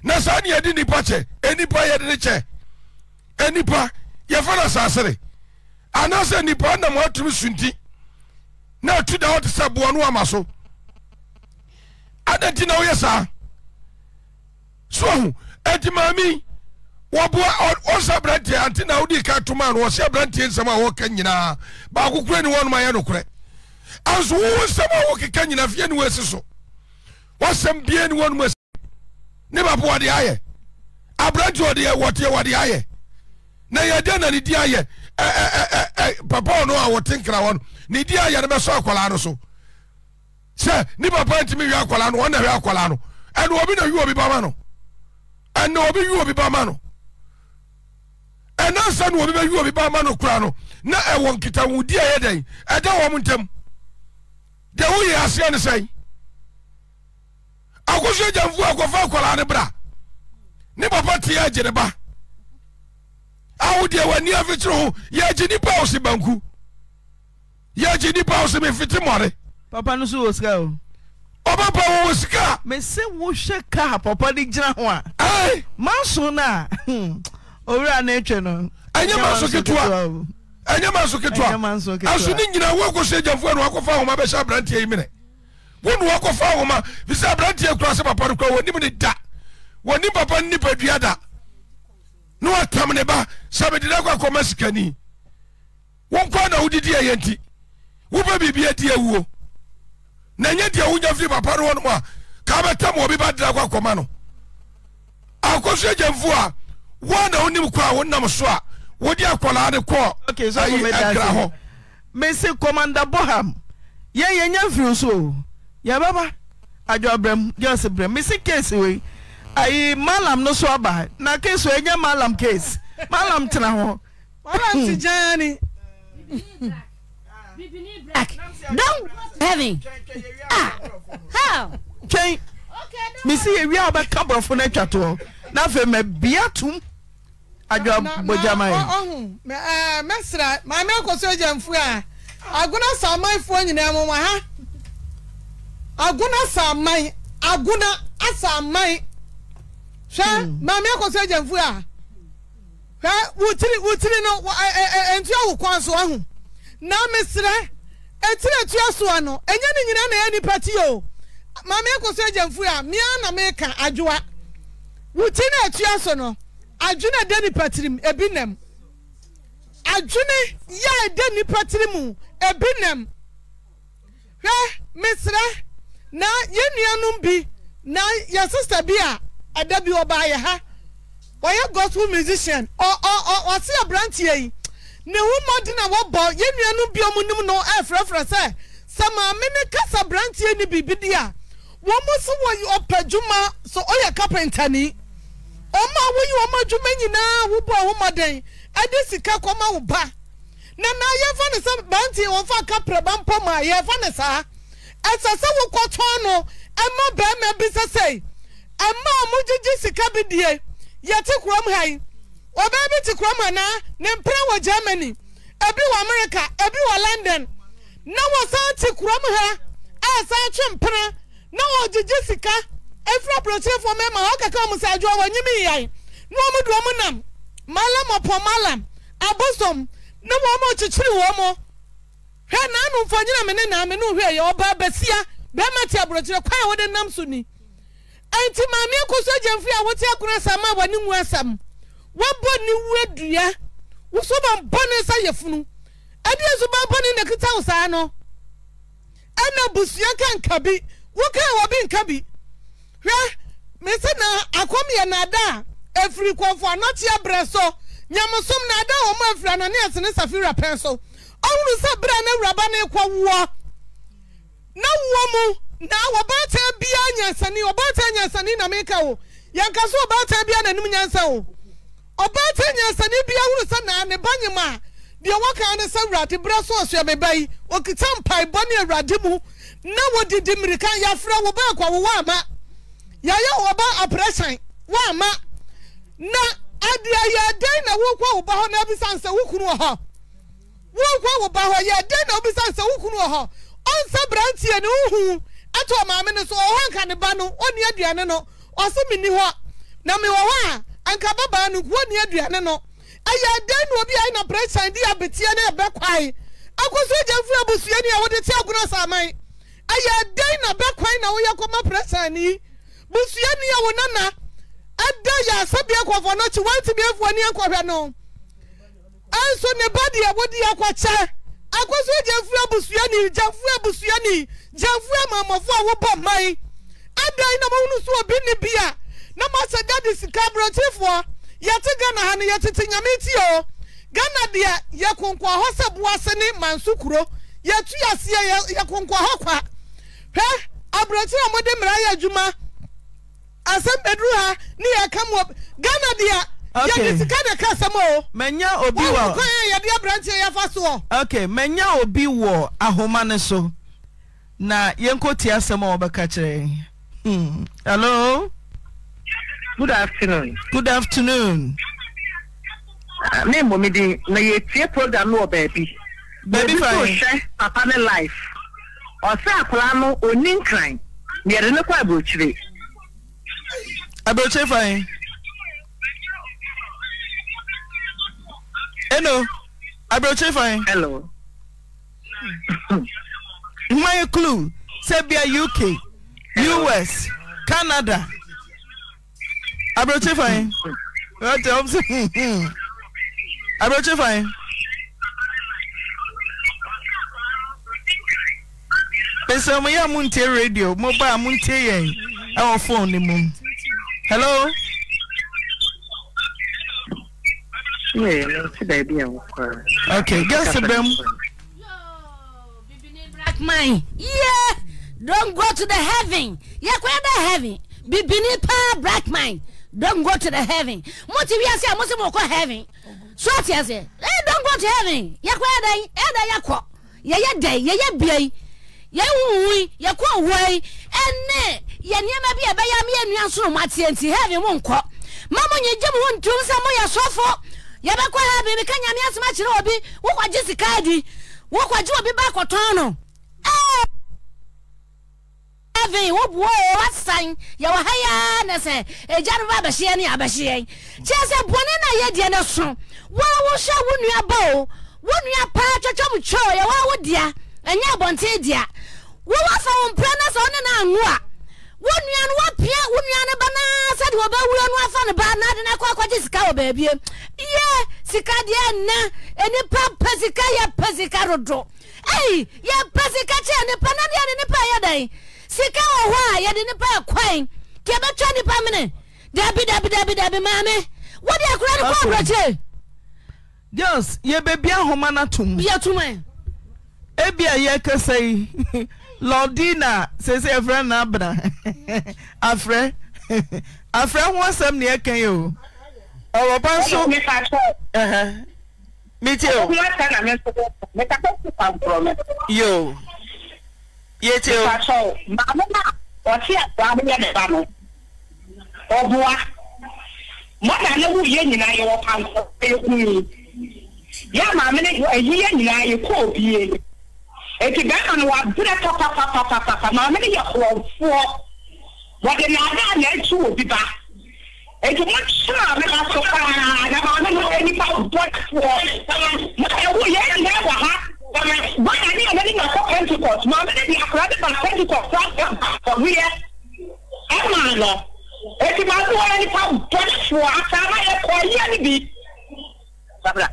na saa ne yɛde nnipa kyɛ ɛnipa yɛde ne kyɛ ɛnipa yɛfa no asasere anaasɛ nnipa nam atumi sunti na atu da wote sɛ boɔ no ama so adanti na woyɛ saa so ahu ɛnti maami wɔboa ɔsɛ aberanteɛ ante na ka toma no aberanteɛ nsɛm a wɔka nyinaa baako ni wɔnom ayɛ nokorɛ anso nsɛm a wɔkeka nyina fie ne wɔasi so wɔsɛm bia ne wɔnom asi ne bapo wɔde ayɛ aberanteɛ wɔteɛ wɔde ayɛ na yɛdɛ na ne di ayɛ papa ɔno a wɔte nkra no ne di ayɛ no bɛsɔ akwaraa no so sɛ ne papa ntumi akwaraa no wɔn na akwaraa no obi na obi ba ma no obi obi ba ma no ɛna nsa no wɔbi bɛwi obi ba ama no kura no na ɛwɔ nkitawudi ɛyɛ dɛn ɛda wɔn ntam deɛ woyɛ aseɛ ne sɛn akosuo gyamfu akɔfa akwaraa ne bra ne papa teɛ agye ne ba awo deɛ w'ani afikyiri ho yɛagye nipa ɔsi banku yɛagye nipa a ɔsi mefiti mɔre papa no so wɔ sika o ọba pa wọn wọ sika. mèsì wo hwẹ kaa pọpọ de gyina ho a. maaso náà. owura na etwe no. ɛnyɛ maa so ketewa ɛnyɛ maa so ketewa aso ne nyinaa wo akɔso egyafoɔ na wakɔfa ahoma abɛhyɛ aberanteɛ yi mene wo na wakɔfa ahoma bisɛ aberanteɛ kura sɛ papa no kura wɔnim ne da wɔnim papa no nipadua da ne watam ne ba sɛ mede kɔ akɔma sikani wo na wodidi ɛyɛ nti wopɛ biribi adi awuo na ɛnyɛ deɛ wonya firi papa no hɔ nom a ka bɛtam wɔ bi ba dra kɔ akɔma no akɔso agyamfoɔ a won wonm kawonamsoa wod kans koaabohanya saaesɛka fwaa adwa bojama yi. ọhún mẹsìrà maame akoso ejamfu a aguna saamanfoɔ nyinaa mu wɔ ha aguna saaman aguna asaaman hwɛ hmm. maame akoso ejamfu a hwɛ wutiri wutiri no eh, eh, eh, ntua wò kwan so ɔhún na mẹsìrà etiri etua soa no enye ne nyinaa na yɛ nipa ti o maame akoso ejamfu a mmea na mmeka adwoa wutiri na etua so no adwene ɛda nipa tirim ebi nam adwene yɛ ɛda nipa tirim ebi nam hwɛ mesrɛ na yɛn nuanom bi na yɛn sista bi a ɛda bi ɔbaa yɛ ha wɔyɛ gospel musician ɔ ɔ ɔ ɔsi aberanteɛ yi ne ho mmɔden a wɔbɔ yɛn nuanom bi ɔmo nim no ɛɛfrɛfrɛ sɛ sɛ maame ne kasa aberanteɛ ne biribi di a wɔn mo so wɔ ɔpɛ dwuma so ɔyɛ kapɛntani ɔmo a woyi ɔmo adwuma nyinaa wobɔ ahomɔden ɛde sika kɔma wo ba na na yɛfa ne sɛ bɛnti wɔmfa kaprɛba mpɔ mu a yɛfa ne saa ɛsɛ sɛ wokɔtɔn no ɛma bɛrima bi sɛ ɛma a mogyegye sika bi die yɛte kurom ha yi ɔbaa bi te kurom anaa ne mpere wɔ germany ebi wɔ america ebi wɔ london na wɔsan te kurom ha a ɛsan twe mpere na wɔgyegye sika efra protiefo mɛma ɔkaka ɔmo sɛ adwoa wɔ nyimi yae na ɔmo do ɔmo nam malam ɔpɔ malam abosom na wɔn mo kyekyere wɔn mo hwɛ n'anu mfonyin a me ne naame no hwɛ yɛ ɔbaa besia bɛrima te aburokyerɛ kwan a wɔde nam so ni nti maame akoso gyemfi a wɔte akoro asam a wɔne ngu asam wɔbɔ ne wura dua woso ba mbɔ ne nsa yɛ funu ɛdi nso ba bɔ ne nakita hwɛ mesi na akɔm yɛ nada a efiri kɔnfɔ anɔkye abirɛ so nyamusom nada a wɔn afiri ananias ne safira pɛn so ɔhuru sɛ bere ne wuraba ne kɔ woɔ na woɔ mu na wɔbaata bia nyansani wɔbaata nyansani na meka o yɛnka so wɔbaata bia n'anim nyansa o ɔbaata nyansani bia ahuru sɛ na ne ba nyim a deɛ wɔka ne sɛ wurade berɛ so ɔsoɛ me ba yi okita mpaebɔ ne awurade mu na wɔdidi mmirika yɛafrɛ wo baakɔ wowɔ ama yɛyɛ wɔba aprɛhyɛn wɔama na adeɛ yɛden na wokɔ wo ba hɔ na abisan sɛ wo kunu wɔ hɔ wokɔ wo ba hɔ yɛden na obisan sɛ wo kunu wɔ hɔ ɔnsa beranteɛ ne wohu ato maame no so ɔwɔ anka ne ba no ɔni aduane no ɔso mi ni hɔ na mi wɔ hɔ a anka babaa no kuo ni aduane no ɛyɛ adan na obi a ɛna pressure di abetia na ɛbɛ kwae akoso gya nfiri abusua a wɔde ti agorɔ saaman na bɛ na wɔyɛ kɔma busua ni a wɔn nana ɛda yɛ asɛbi akɔfɔ n'akyi wɔntumi efu ani akɔhwɛ no ɛnso ne ba deɛ wɔde akɔkyɛ akɔso gyɛnfu abusua ni gyɛnfu abusua ni gyɛnfu amamɔfo a wɔbɔ mman ɛda yi na mo hunu so obi ni bia na mo asɛ gadi sika aburantifoɔ yɛte ghana ha no yɛtete nyame ti o ghana deɛ yɛkonkɔ hɔ sɛ boase ne manso kuro yɛtu aseɛ yɛkonkɔ hɔ kwa hwɛ aburanti a wɔde mmara yɛ adwuma. asɛm bɛduru ha ne yɛka mɔ ghana deɛ yɛde sika de ka asɛm o manya obi wɔ kɔyɛ yɛde aberanteɛ yɛfa soɔ ok manya obi wɔ ahoma no so na yɛnkɔtie asɛm a wɔbɛka kyerɛ hmm. hello good afternoon good afternoon ah, ne mmom din na yɛtie program no wɔ baabi baabi fa yɛ papa ne life ɔsɛ akwaraa no nkran yɛde kɔ abirikyi fan eno abirikyi fan hmm. mmanye clue sebia uk us canada abirikyi fan ọtí ọm sẹ abirikyi fan. Pèsè ọmọ yẹn a mú n tie rédíò a mú n tie yẹn ẹ wọ fóònù mu hello. okay girls bẹm. man yeah don't go to the heaven yẹ kọ́ ẹ dá heaven bibini paa black man don't go to the heaven mo ti wi ase a mo si mo kɔ heaven so ati ase hey don't go to heaven yɛ kɔ ɛda yi ɛda yɛ kɔ yɛ yɛ dɛ yɛ yɛ bia yi yɛ wuwu yi yɛ kɔ owó yi ɛnɛ. yɛ nneɛma bi a ɛbɛyɛ ama yɛ nnua nso no ateɛ nti heaven mu nkɔ ma mo nyɛ gye mo ho ntom sɛ moyɛ sɔfo yɛbɛkɔ heaven meka nyame asɛm akyerɛ obi wokɔgye sika adi wokɔgye obi ba no yɛwɔ sɛ no ba abɛhyeɛ ne abɛhyeɛ kyerɛ sɛ bɔne na no so woa wo nua ba o wo nua paa mu yɛwɔ wo dea ɛnyɛ abɔnten dea wowɔ fa wo mpra sɛ wo ne no anwo a wonuan wpa onnɛ sikaɛs yɛbbi hɔma no tomtm bia yɛkɛsɛi lọdina sese efrɛ na abena afrɛ afrɛ ho asɛm na ɛka yi o ɔwɔ ba nso meti o yo yeti o. maame na ɔte akwa abɛyɛ ne ba no ɔboa mɔta ne ho yɛ nyinaa yɛ wɔ pankɔ ɛyɛ kun yi yɛ maame ne ɛyi yɛ nyinaa yɛ kɔɔ bie nti bɛrima no wabrɛ papapapapapa maame no yɛ korɔmfoɔ wɔde naadaa na akyi wɔ bi ba nti mokyerɛ me ba so paa na maame no yɛ nipa bɔfoɔ na ɛwo yɛn nyɛ wɔ ha bana ne yɛmɛ ne nya kɔ pentecost maame no de akora de ba pentecost akɔweɛ ɛmaa no nti maame wɔyɛ nipa bɔfoɔ asaa ma yɛ kɔɔyeɛ no bi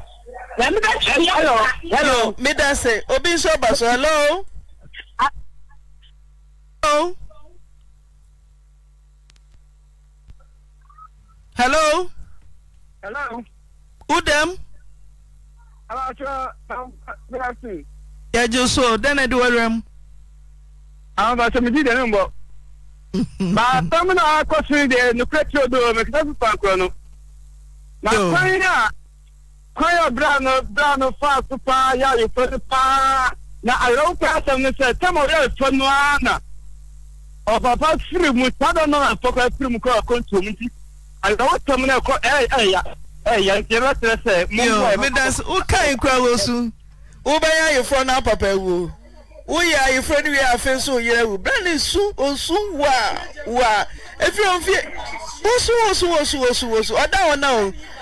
hello hello mi da se obi nso ọba so hello. hello. hello. hello. udem. yàjú so dẹ́nẹ̀ di wẹ́rẹ́ mu. àwọn bàtà mi jí dẹ́nu bọ̀. bàtà mi náà kọ́ sí de nukure tí o do mi kí n sá fún pàǹkùrọ̀ nù. màá kọ́ yín náà kwan a bra no bra no faa so paa yɛ ayefo no paa na awerɛwokɔ asɛm no sɛ tɛm ɔyɛ afɔ no ara na ɔpapa firi mu saa dɔ no afɔ kɔ afiri mu kɔ akɔntuo mu nti awerɛwotɔm no ɛkɔ ɛɛya ɛɛya nti ɛbɛkyerɛ sɛ mɔmɔ medas wokae kora wɔ so wobɛyɛ ayeforɔ no apapa awuo woyɛ ayeforɔ no wie afei nso woyerɛ wu bra ne su ɔsu wo a wo a ɛfiri ɔmfie wosu wosu wosu wosu wosu ɔda wɔ na o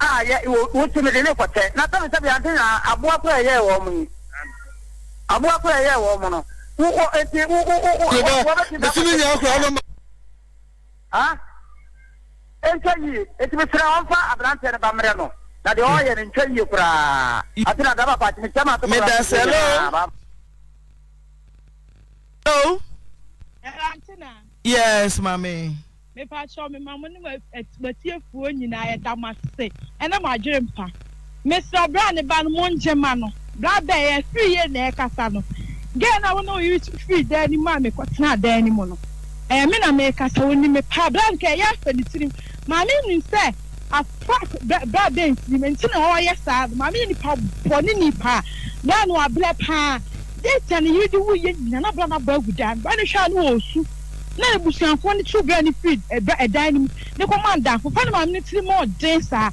a yɛ wotu mi de ne kɔtɛ na sɛbi sɛbi ante na aboa kura yɛ wɔ mu yi aboa kura yɛ wɔ mu no wo wo eti wo wo wo wo wo bɛ ti da kɔtɛ. ɛtumi yɛ akura ɔlɔmɔ. a ntwa yie etumi sira wɔn fa aberanteɛ ne ba mmerɛ no na deɛ ɔyɛ ne ntwa yie koraa ate na daba paati mi kyɛn ma to kɔla. medase hello. hello. yes maami mepa kyerɛ me ma mo ne matiefuo nyinaa yɛda mo ase ɛna mo adwere mpa mesrɛ ɔbra ne ba no mo ngye ma no bra bɛɛ yɛfiri yie na ɛkasa no gɛɛ na wo ne oyi tu firi dan no mu a mekɔtena dan no mu no ɛyɛ me na merekasa wo ni me pa bra nka ɛyɛ afɛ ne tirim maame nim sɛ afa bra bɛɛ ntirim nti na ɔyɛ saa maame yɛ nipa bɔne nipa bra no wabrɛ paa data ne yiri de wo yɛ nyinaa na bra no abɔ agu dan bra no hwɛ a wɔ osu na ebusuafoɔ ne tu bɛrɛ ne firi ɛbɛ ɛdan ne mu ne kɔma adaafo fa ne maame ne tiri mu ɔden saa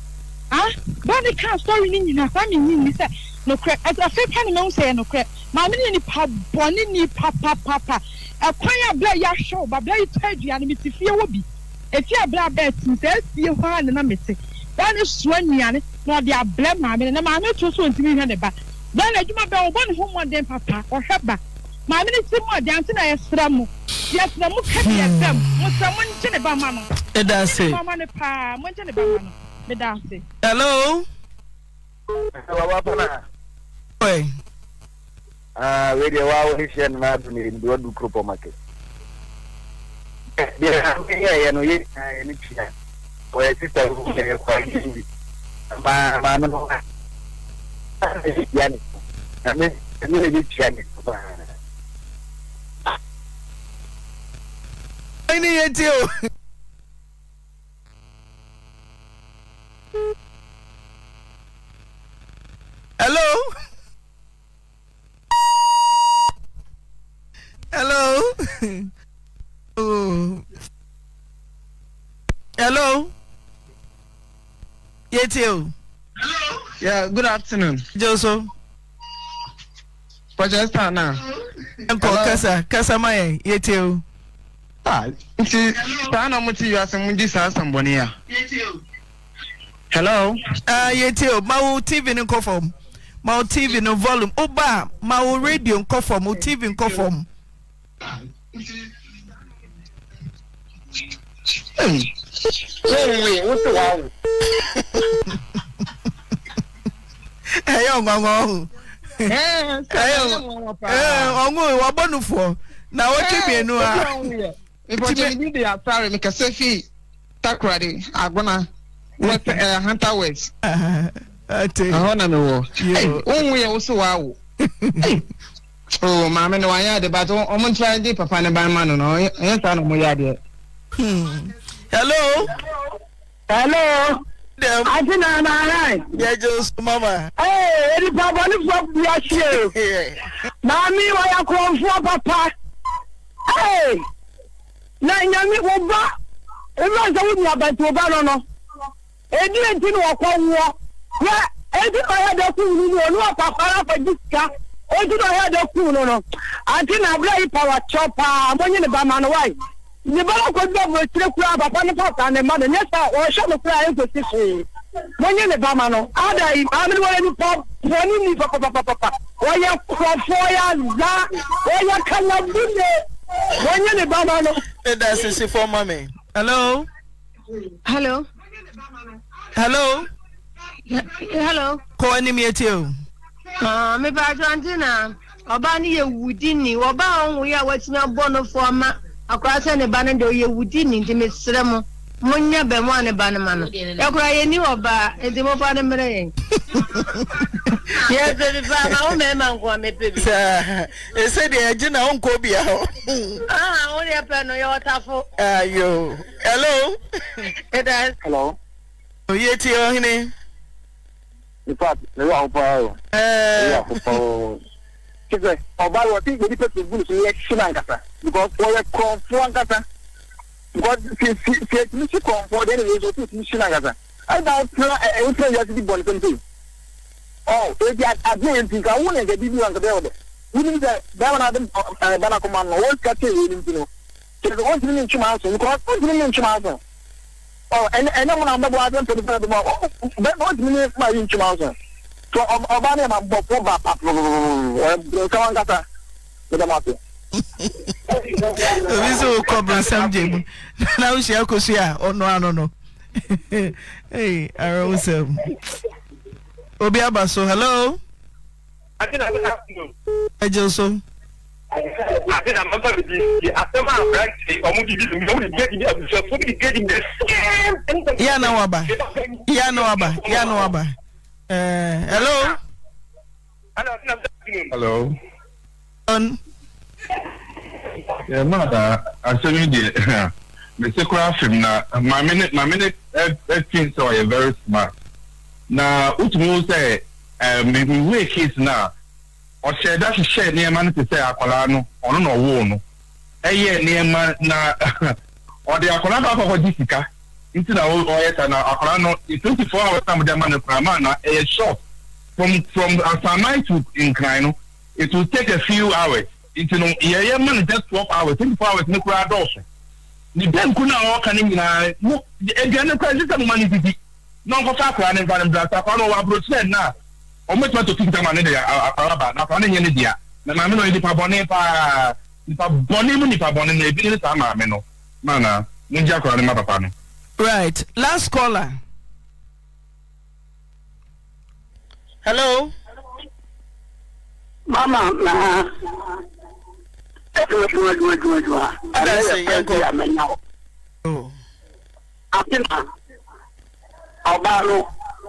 ah bɛn ne kaa sɔre ne nyinaa mi ni sɛ nokorɛ afei pa ne ma ho sɛ yɛ nokorɛ maame ne nipa bɔne ni papapapa ɛkwan abira yɛ ahwɛ ɔba abira yɛ tɔ aduane mi ti fie wɔ bi efi abira abɛɛ ti sɛ esie hɔ a nena mi ti bɛn ne soa na ɔde abirɛ maame ne na maame to so ntumi hwɛ ne ba bɛn ne adwuma bɛn ɔbɔ ne ho papa ɔhwɛ ba maame ne ti mu ɔdi ante na yɛsrɛ mu yɛsrɛ mu kɛ yɛsrɛ mu musa mu nkyɛn ne ba ma no. ẹ e da se. mo nkyɛn ne ba ma no paa mo nkyɛn ne ba ma no mi da se. hello. hello wa pana. ɔyɛ. aa wéde wa awo ah, hihia nana adum yi ndi wadu kuro pɔmakɛ. bi a mi yɛ yɛ no yɛ yɛ ni tia ɔyɛ sisa wo yɛ kɔ ayi bi maa maa mi no wa. ɛyɛ tia ne. ɛmi ɛmi yɛ tia ne paa. elo yt goo afternon ksam yt Ah, nti saa na ɔmote wiase mo gye saa asɛmbɔne a hello uh, ah, yɛtio ma wo tv no nkɔ fam ma wo tv no volume woba a ma wo radio nkɔ fam wo tv nkɔ fam ɛyɛ ɔnwɔnwɔ ho eh, ɔnwo eh, wɔbɔ no foɔ na wɔtwe mmienu a eh, ntumi de asare mi kasa fi takoradi agbona west ẹ eh, hunter west ahọ na mi wọ ohun yẹ woso wa awo o oh, maame na wanyɛ ade bato ɔmo ntura de papa ne ban ma no na ɔyɛ saa na ɔmo yɛ adeɛ. Hmm. hello. hello. dem. ati na na yẹ jẹ osu mama. ee nipa bọ ni fọ a ṣe. maami wọ ya kọ n fọ papa. na nyame wo ba ɛwura sɛ wo nua bɛnti wo ba no no ɛdi enti na wɔkɔ woɔ na ɛdi na ɔyɛ dɛ kum no no ɔno ɔkwakwara afa sika na ɔyɛ dɛ kum no na yi pa paa nye ne ba ma no wae ne ba no kɔdu abo akyire kura papa ne papa ne ma no ɔhyɛ no kura ne ba ma ada yi wɔyɛ nipa wọ́n yé ni bàbá lọ. sisi hello. hello. hello. hello. kọ́ ẹni mi etí o. Ah, mi bá a jọ na ọba ni yẹ ni ọba wọ́n ti ọma ba ni de ọ yẹ ni ntí mi sẹ́rẹ̀ mu. munya bɛ mu ani ba ni ma na yakura ye ni ɔba edi mo fa ni mire ye. yɛ bebi fa ma o mɛ ma nkɔ mɛ bebi. ese de yɛ gyina o nko eh. bia o. aa o de pɛ no yɛ ɔta fo. ayo hello. ɛdá. hello. oye ti ɔhene. nipa ne yà awo paa o. ɛɛ ne yà awo paa kisɛ ɔba yɛ ɔti gbedi pɛ tɛ yɛ si na nkata because wɔyɛ kɔn fún because si si si etumi si kɔnfɔ de ɛna yɛ so etumi si na kasa ɛna ɔtena ɛɛ ɔtena yɛ sidi bɔnne pɛmpɛ ɔ ebi adi yɛ nti nka wo na nka bibi wa nka bɛyɛ ɔdɛ wuli sɛ bɛrɛ na adi ɛɛ bana kɔma no wɔn ka se yɛ ni nti no kyerɛ wɔn ti ni ntoma aso nkɔla o ti ni ntoma aso ɔ ɛnɛ ɛnɛ mu na mbɛbɔ adi mpɛni fɛn bi mu ɔ bɛ wɔn ti ni ma yi ntoma aso so ɔbaa ne ma bɔ fo ba pa obi sɛ wokɔ brasam gye na wohyia kɔ so a ɔno ano ara wo obi so hello agye so ase na mama di a aberante ɔmo di bi mu ɔmo di bi di abusuafo bi di di náà wà bá náà wà bá náà wà bá hello. hello. hello. hello. Yeah, mother, I said, yeah, Mr. Crafton, my minute, my minute, everything so you're very smart. Now, what you say, um, maybe we kids now, or share that share near man to say, Acolano, or no, no, ɛyɛ nneɛma na ɔde akwadaa baako akɔ di sika nti na ɔyɛ ta na akwadaa no twenty four hours na mo ama no kura ama na ɛyɛ short from from asaman to nkran no it will take a few hours nti no yɛyɛ ma no just twelve hours twenty four hours ne koraa dɔɔso ne bɛnku no a ɔka no nyinaa mo aduane koraa ɛsɛ sɛ moma no didi na ɔnkɔfa akoraa ne mfa no mbrɛ sɛ akoraa no ɔwɔ aborɔkyerɛ no a ɔmɛtumi atɔ tukuta ma ne de akoraa ba na akoraa no nyɛ ne dea na maame no ɔyɛ nipa bɔne paa nipa bɔne mu nipa bɔne na ebi ne saa maame no maana mo gye akoraa no ma papa no. right last caller. hello. mama maa adwuma adwuma adwuma adwuma ɛna yɛ fɛn bi a mɛnya o ate na ɔbaa no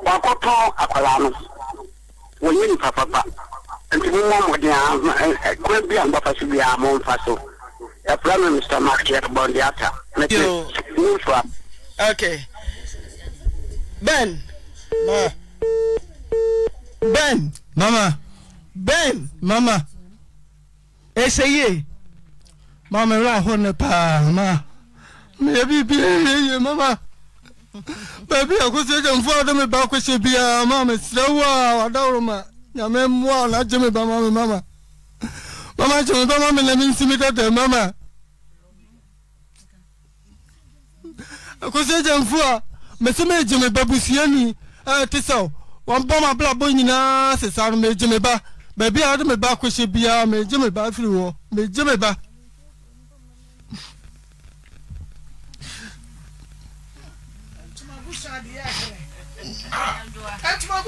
wakɔtɔ akwadaa no wɔnyɛ nipa papa nti mo mɔ mɔden a kura bi a mbafa so bi a mo mfa so ɛfura mi mr mark yɛ bɔnde ata na ti mo nfa. ben ma ben mama ben mama ɛsɛ yie maame werɛ ahɔ ne paa ma meyɛ biribiaa ye mama baabi a kosɛ gyamfo a wode me ba kɔhyɛ biaa ma mesrɛ wo a wadaworo ma nyame mmoa a nagye me ba ma me mama mama kyɛ me Mama, me na mensi me dada mama kosɛ gyamfo a mese megye me ba busuani te sɛ wɔmbɔ ma abrabɔ nyinaa sesa no megye me ba baabi a wode me ba kɔhyɛ biaa megye me ba afiri hɔ megye me ba Ah, é de